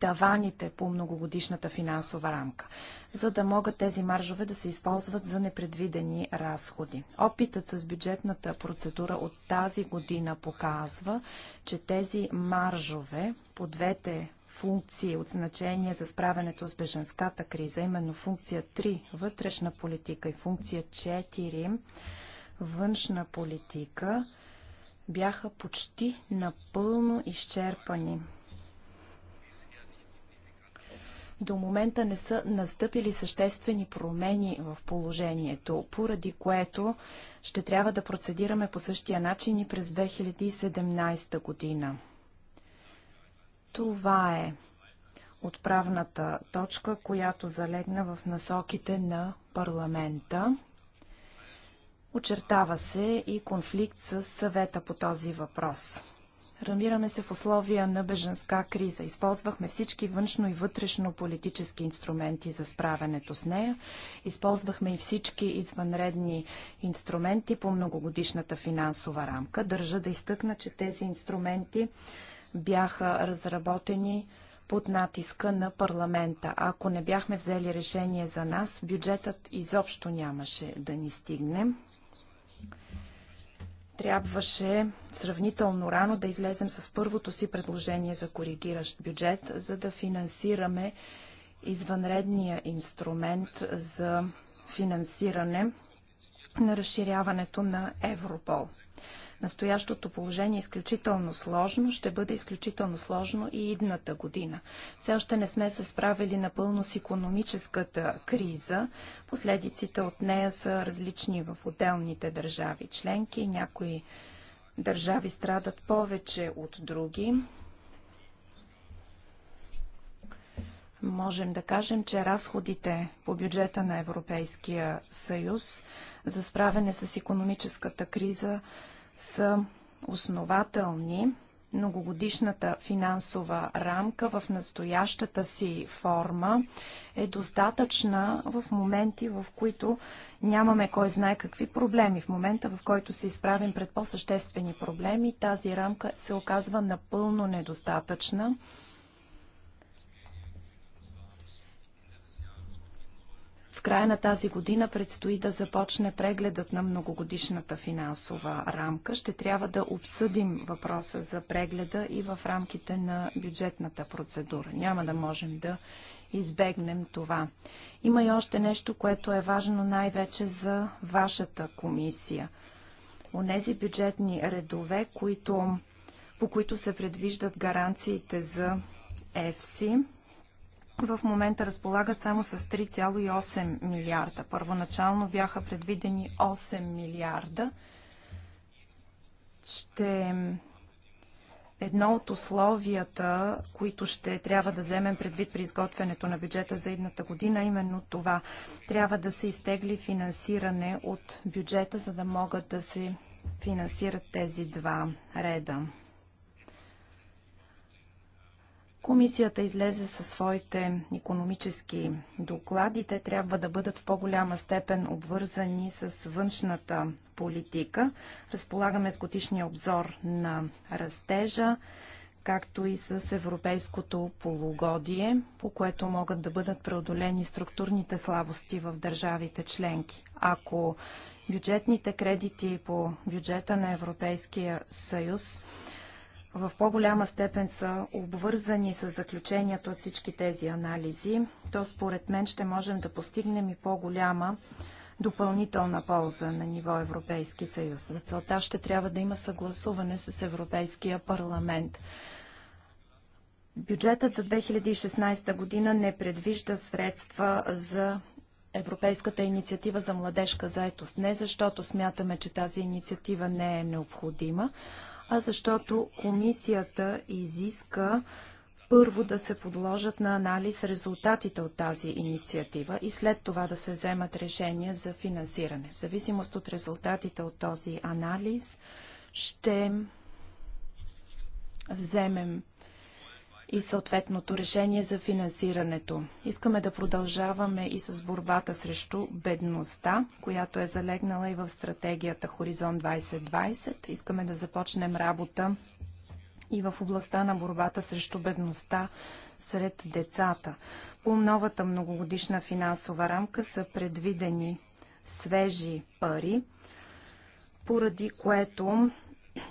таваните по многогодишната финансова рамка, за да могат тези маржове да се използват за непредвидени разходи. Опитът с бюджетната процедура от тази година показва, че тези маржове по двете функции от значение за справянето с беженската криза, именно функция 3 вътрешна политика и функция 4 външна политика, бяха почти напълно изчерпани до момента не са настъпили съществени промени в положението, поради което ще трябва да процедираме по същия начин и през 2017 година. Това е отправната точка, която залегна в насоките на парламента. Очертава се и конфликт с съвета по този въпрос. Рамираме се в условия на беженска криза. Използвахме всички външно и вътрешно политически инструменти за справянето с нея. Използвахме и всички извънредни инструменти по многогодишната финансова рамка. Държа да изтъкна, че тези инструменти бяха разработени под натиска на парламента. Ако не бяхме взели решение за нас, бюджетът изобщо нямаше да ни стигне трябваше сравнително рано да излезем с първото си предложение за коригиращ бюджет, за да финансираме извънредния инструмент за финансиране на разширяването на Европол. Настоящото положение е изключително сложно, ще бъде изключително сложно и идната година. Все още не сме се справили напълно с економическата криза. Последиците от нея са различни в отделните държави членки. Някои държави страдат повече от други. можем да кажем, че разходите по бюджета на Европейския съюз за справяне с економическата криза са основателни. Многогодишната финансова рамка в настоящата си форма е достатъчна в моменти, в които нямаме кой знае какви проблеми. В момента, в който се изправим пред по-съществени проблеми, тази рамка се оказва напълно недостатъчна В края на тази година предстои да започне прегледът на многогодишната финансова рамка. Ще трябва да обсъдим въпроса за прегледа и в рамките на бюджетната процедура. Няма да можем да избегнем това. Има и още нещо, което е важно най-вече за вашата комисия. Онези бюджетни редове, които, по които се предвиждат гаранциите за ЕФСИ, в момента разполагат само с 3,8 милиарда. Първоначално бяха предвидени 8 милиарда. Ще Едно от условията, които ще трябва да вземем предвид при изготвянето на бюджета за едната година, е именно това. Трябва да се изтегли финансиране от бюджета, за да могат да се финансират тези два реда. Комисията излезе със своите економически доклади. Те трябва да бъдат в по-голяма степен обвързани с външната политика. Разполагаме с годишния обзор на растежа, както и с европейското полугодие, по което могат да бъдат преодолени структурните слабости в държавите членки. Ако бюджетните кредити по бюджета на Европейския съюз в по-голяма степен са обвързани с заключенията от всички тези анализи, то според мен ще можем да постигнем и по-голяма допълнителна полза на ниво Европейски съюз. За целта ще трябва да има съгласуване с Европейския парламент. Бюджетът за 2016 година не предвижда средства за Европейската инициатива за младежка заетост. Не защото смятаме, че тази инициатива не е необходима, а защото комисията изиска първо да се подложат на анализ резултатите от тази инициатива и след това да се вземат решения за финансиране. В зависимост от резултатите от този анализ ще вземем и съответното решение за финансирането. Искаме да продължаваме и с борбата срещу бедността, която е залегнала и в стратегията Хоризонт 2020. Искаме да започнем работа и в областта на борбата срещу бедността сред децата. По новата многогодишна финансова рамка са предвидени свежи пари, поради което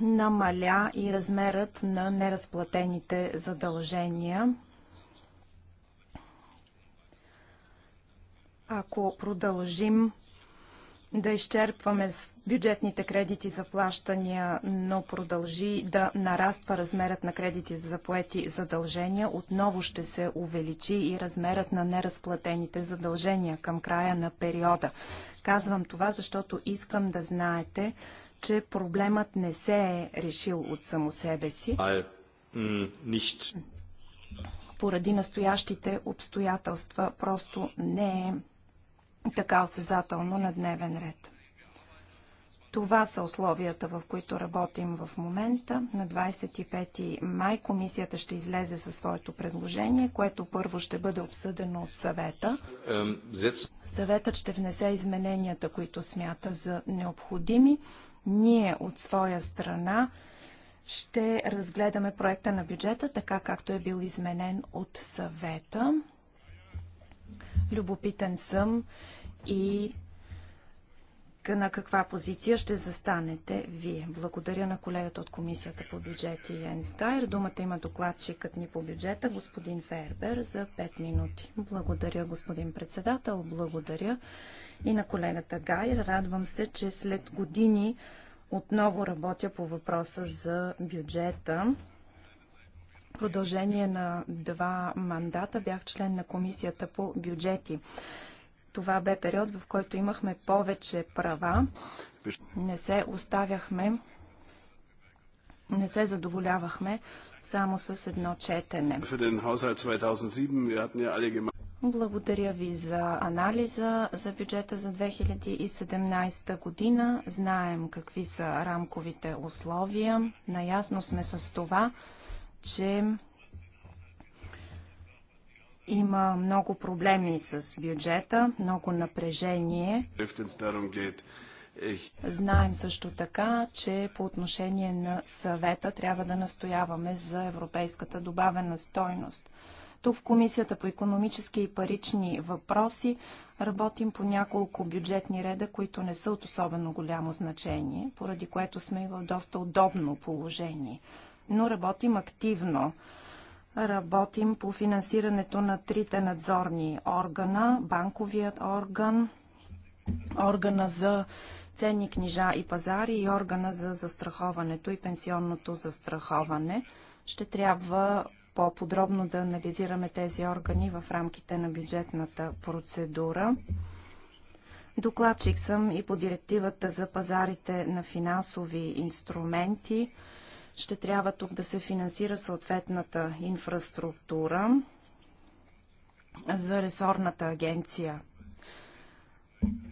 намаля и размерът на неразплатените задължения. Ако продължим да изчерпваме бюджетните кредити за плащания, но продължи да нараства размерът на кредитите за поети задължения, отново ще се увеличи и размерът на неразплатените задължения към края на периода. Казвам това, защото искам да знаете, че проблемът не се е решил от само себе си. Е, Поради настоящите обстоятелства просто не е така осезателно на дневен ред. Това са условията, в които работим в момента. На 25 май комисията ще излезе със своето предложение, което първо ще бъде обсъдено от съвета. Съветът ще внесе измененията, които смята за необходими. Ние от своя страна ще разгледаме проекта на бюджета, така както е бил изменен от съвета. Любопитен съм и на каква позиция ще застанете вие. Благодаря на колегата от Комисията по бюджет и Йенс Гайер. Думата има докладчикът ни по бюджета, господин Фербер, за 5 минути. Благодаря, господин председател. Благодаря и на колегата Гай. Радвам се, че след години отново работя по въпроса за бюджета. В продължение на два мандата бях член на комисията по бюджети. Това бе период, в който имахме повече права. Не се оставяхме, не се задоволявахме само с едно четене. Благодаря ви за анализа за бюджета за 2017 година. Знаем какви са рамковите условия. Наясно сме с това, че има много проблеми с бюджета, много напрежение. Знаем също така, че по отношение на съвета трябва да настояваме за европейската добавена стойност. Тук в Комисията по економически и парични въпроси работим по няколко бюджетни реда, които не са от особено голямо значение, поради което сме и в доста удобно положение. Но работим активно. Работим по финансирането на трите надзорни органа, банковият орган, органа за ценни книжа и пазари и органа за застраховането и пенсионното застраховане. Ще трябва по-подробно да анализираме тези органи в рамките на бюджетната процедура. Докладчик съм и по директивата за пазарите на финансови инструменти. Ще трябва тук да се финансира съответната инфраструктура за ресорната агенция.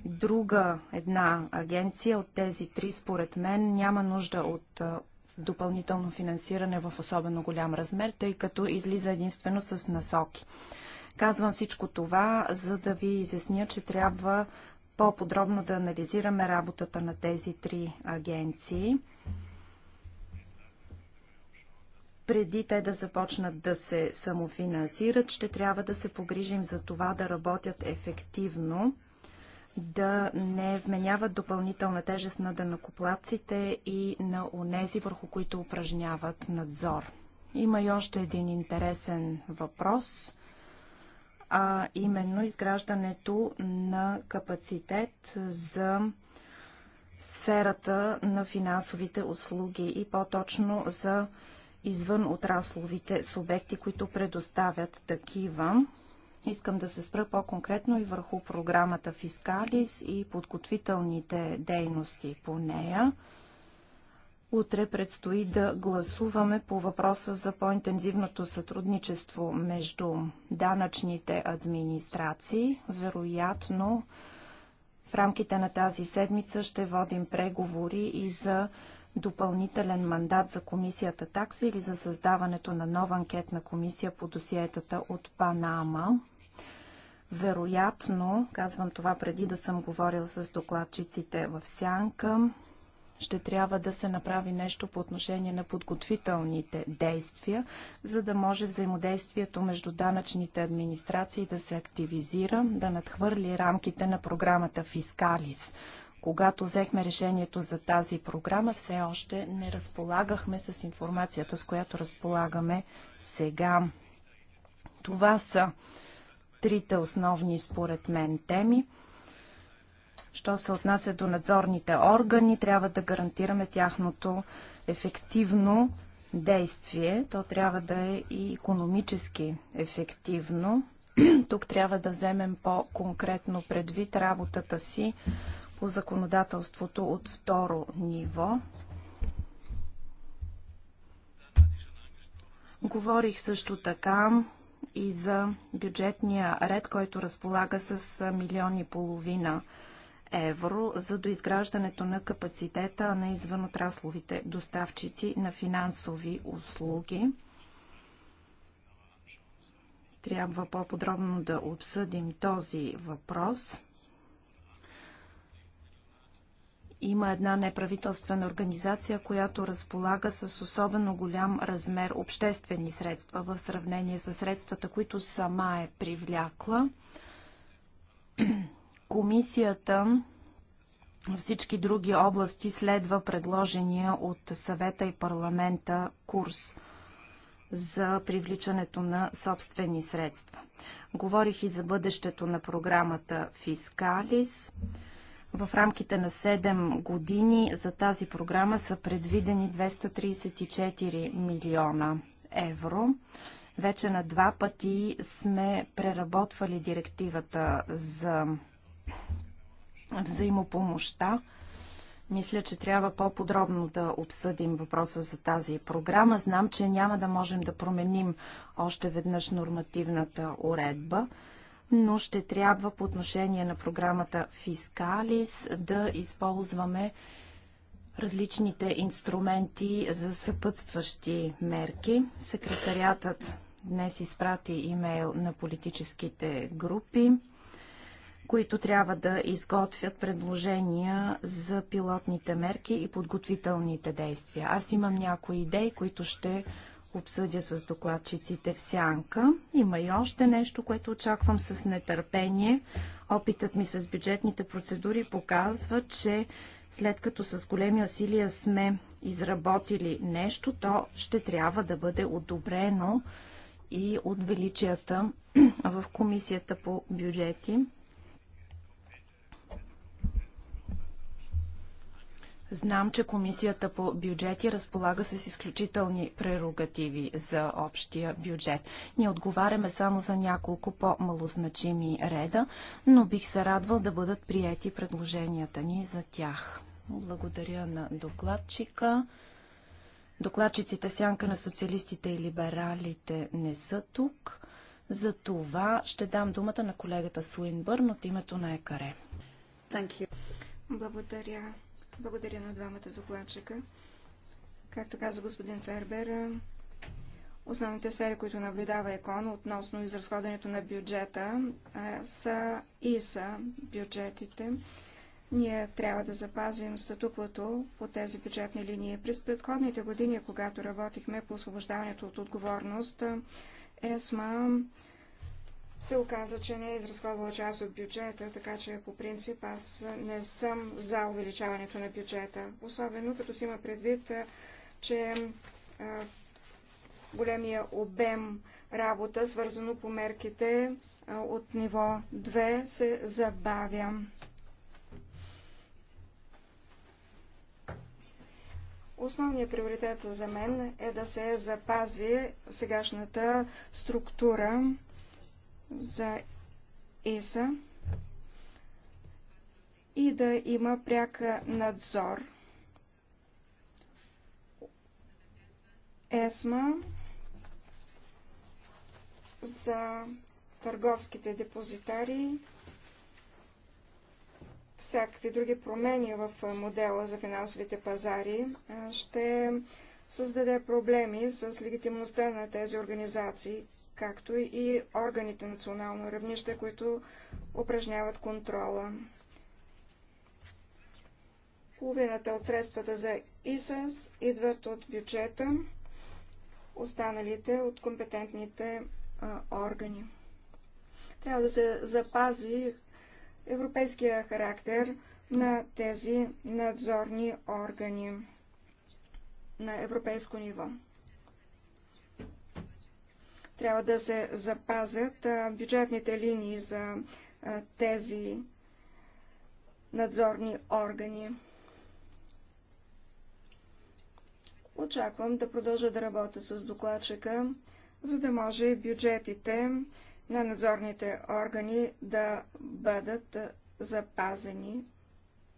Друга една агенция от тези три, според мен, няма нужда от допълнително финансиране в особено голям размер, тъй като излиза единствено с насоки. Казвам всичко това, за да ви изясня, че трябва по-подробно да анализираме работата на тези три агенции преди те да започнат да се самофинансират, ще трябва да се погрижим за това да работят ефективно да не вменяват допълнителна тежест на данокоплаците и на онези, върху които упражняват надзор. Има и още един интересен въпрос, а именно изграждането на капацитет за сферата на финансовите услуги и по-точно за извън отрасловите субекти, които предоставят такива. Искам да се спра по-конкретно и върху програмата Фискалис и подготвителните дейности по нея. Утре предстои да гласуваме по въпроса за по-интензивното сътрудничество между данъчните администрации. Вероятно, в рамките на тази седмица ще водим преговори и за допълнителен мандат за комисията такса или за създаването на нова анкетна комисия по досиетата от Панама. Вероятно, казвам това преди да съм говорил с докладчиците в Сянка, ще трябва да се направи нещо по отношение на подготвителните действия, за да може взаимодействието между данъчните администрации да се активизира, да надхвърли рамките на програмата Фискалис – когато взехме решението за тази програма, все още не разполагахме с информацията, с която разполагаме сега. Това са трите основни, според мен, теми. Що се отнася до надзорните органи, трябва да гарантираме тяхното ефективно действие. То трябва да е и економически ефективно. Тук трябва да вземем по-конкретно предвид работата си по законодателството от второ ниво. Говорих също така и за бюджетния ред, който разполага с милиони и половина евро за доизграждането на капацитета на извънотрасловите доставчици на финансови услуги. Трябва по-подробно да обсъдим този въпрос. Има една неправителствена организация, която разполага с особено голям размер обществени средства в сравнение с средствата, които сама е привлякла. Комисията във всички други области следва предложения от съвета и парламента курс за привличането на собствени средства. Говорих и за бъдещето на програмата Фискалис. Фискалис в рамките на 7 години за тази програма са предвидени 234 милиона евро. Вече на два пъти сме преработвали директивата за взаимопомощта. Мисля, че трябва по-подробно да обсъдим въпроса за тази програма. Знам, че няма да можем да променим още веднъж нормативната уредба но ще трябва по отношение на програмата Фискалис да използваме различните инструменти за съпътстващи мерки. Секретариатът днес изпрати имейл на политическите групи, които трябва да изготвят предложения за пилотните мерки и подготвителните действия. Аз имам някои идеи, които ще обсъдя с докладчиците в сянка. Има и още нещо, което очаквам с нетърпение. Опитът ми с бюджетните процедури показва, че след като с големи усилия сме изработили нещо, то ще трябва да бъде одобрено и от величията в Комисията по бюджети. Знам, че Комисията по бюджети разполага с изключителни прерогативи за общия бюджет. Ние отговаряме само за няколко по-малозначими реда, но бих се радвал да бъдат приети предложенията ни за тях. Благодаря на докладчика. Докладчиците сянка на социалистите и либералите не са тук. За това ще дам думата на колегата Суинбърн от името на ЕКАРЕ.
Благодаря. Благодаря на двамата докладчика. Както каза господин Фербер, основните сфери, които наблюдава ЕКОН относно изразходването на бюджета са и са бюджетите. Ние трябва да запазим статуквото по тези бюджетни линии. През предходните години, когато работихме по освобождаването от отговорност, е, ЕСМА се оказа, че не е изразходвала част от бюджета, така че по принцип аз не съм за увеличаването на бюджета. Особено като си има предвид, че големия обем работа, свързано по мерките от ниво 2, се забавя. Основният приоритет за мен е да се запази сегашната структура за ЕСА и да има пряк надзор. ЕСМА за търговските депозитари, всякакви други промени в модела за финансовите пазари ще създаде проблеми с легитимността на тези организации, както и органите национално равнище, които упражняват контрола. Половината от средствата за ИСАС идват от бюджета, останалите от компетентните а, органи. Трябва да се запази европейския характер на тези надзорни органи на европейско ниво. Трябва да се запазят бюджетните линии за тези надзорни органи. Очаквам да продължа да работя с докладчика, за да може бюджетите на надзорните органи да бъдат запазени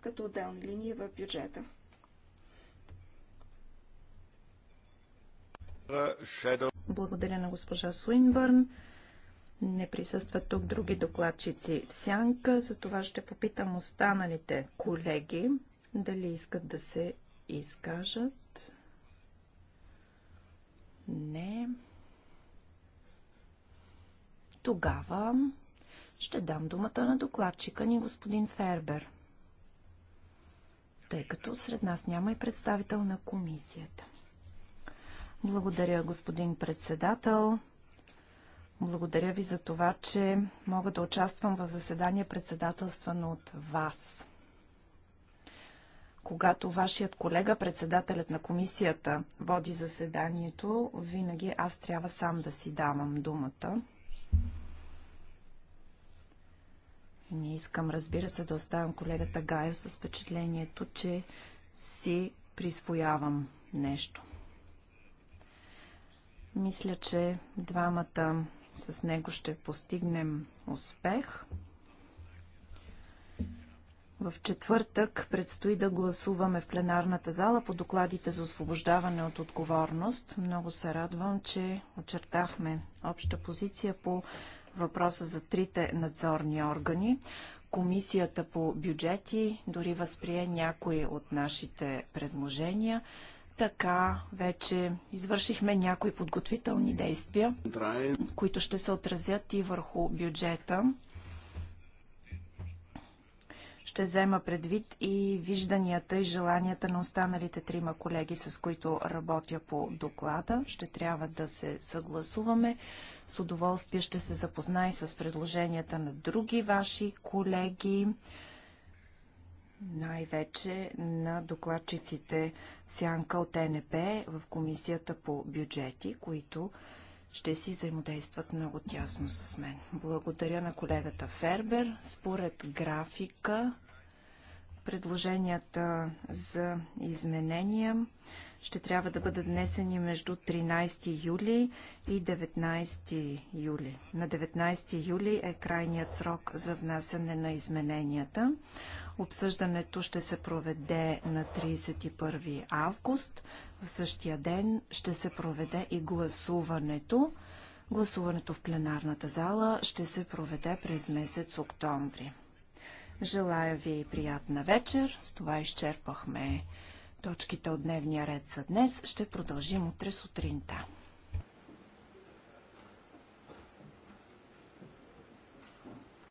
като отделни линии в бюджета.
Е,
благодаря на госпожа Суинбърн. Не присъстват тук други докладчици в сянка, за това ще попитам останалите колеги дали искат да се изкажат. Не. Тогава ще дам думата на докладчика ни господин Фербер, тъй като сред нас няма и представител на комисията. Благодаря, господин председател. Благодаря ви за това, че мога да участвам в заседание председателствано от вас. Когато вашият колега, председателят на комисията, води заседанието, винаги аз трябва сам да си давам думата. Не искам, разбира се, да оставям колегата Гайо с впечатлението, че си присвоявам нещо. Мисля, че двамата с него ще постигнем успех. В четвъртък предстои да гласуваме в пленарната зала по докладите за освобождаване от отговорност. Много се радвам, че очертахме обща позиция по въпроса за трите надзорни органи. Комисията по бюджети дори възприе някои от нашите предложения. Така вече извършихме някои подготвителни действия, които ще се отразят и върху бюджета. Ще взема предвид и вижданията и желанията на останалите трима колеги, с които работя по доклада. Ще трябва да се съгласуваме. С удоволствие ще се запознай с предложенията на други ваши колеги най-вече на докладчиците Сянка от НП в Комисията по бюджети, които ще си взаимодействат много тясно с мен. Благодаря на колегата Фербер. Според графика, предложенията за изменения ще трябва да бъдат внесени между 13 юли и 19 юли. На 19 юли е крайният срок за внасяне на измененията. Обсъждането ще се проведе на 31 август. В същия ден ще се проведе и гласуването. Гласуването в пленарната зала ще се проведе през месец октомври. Желая ви приятна вечер. С това изчерпахме точките от дневния ред за днес. Ще продължим утре сутринта.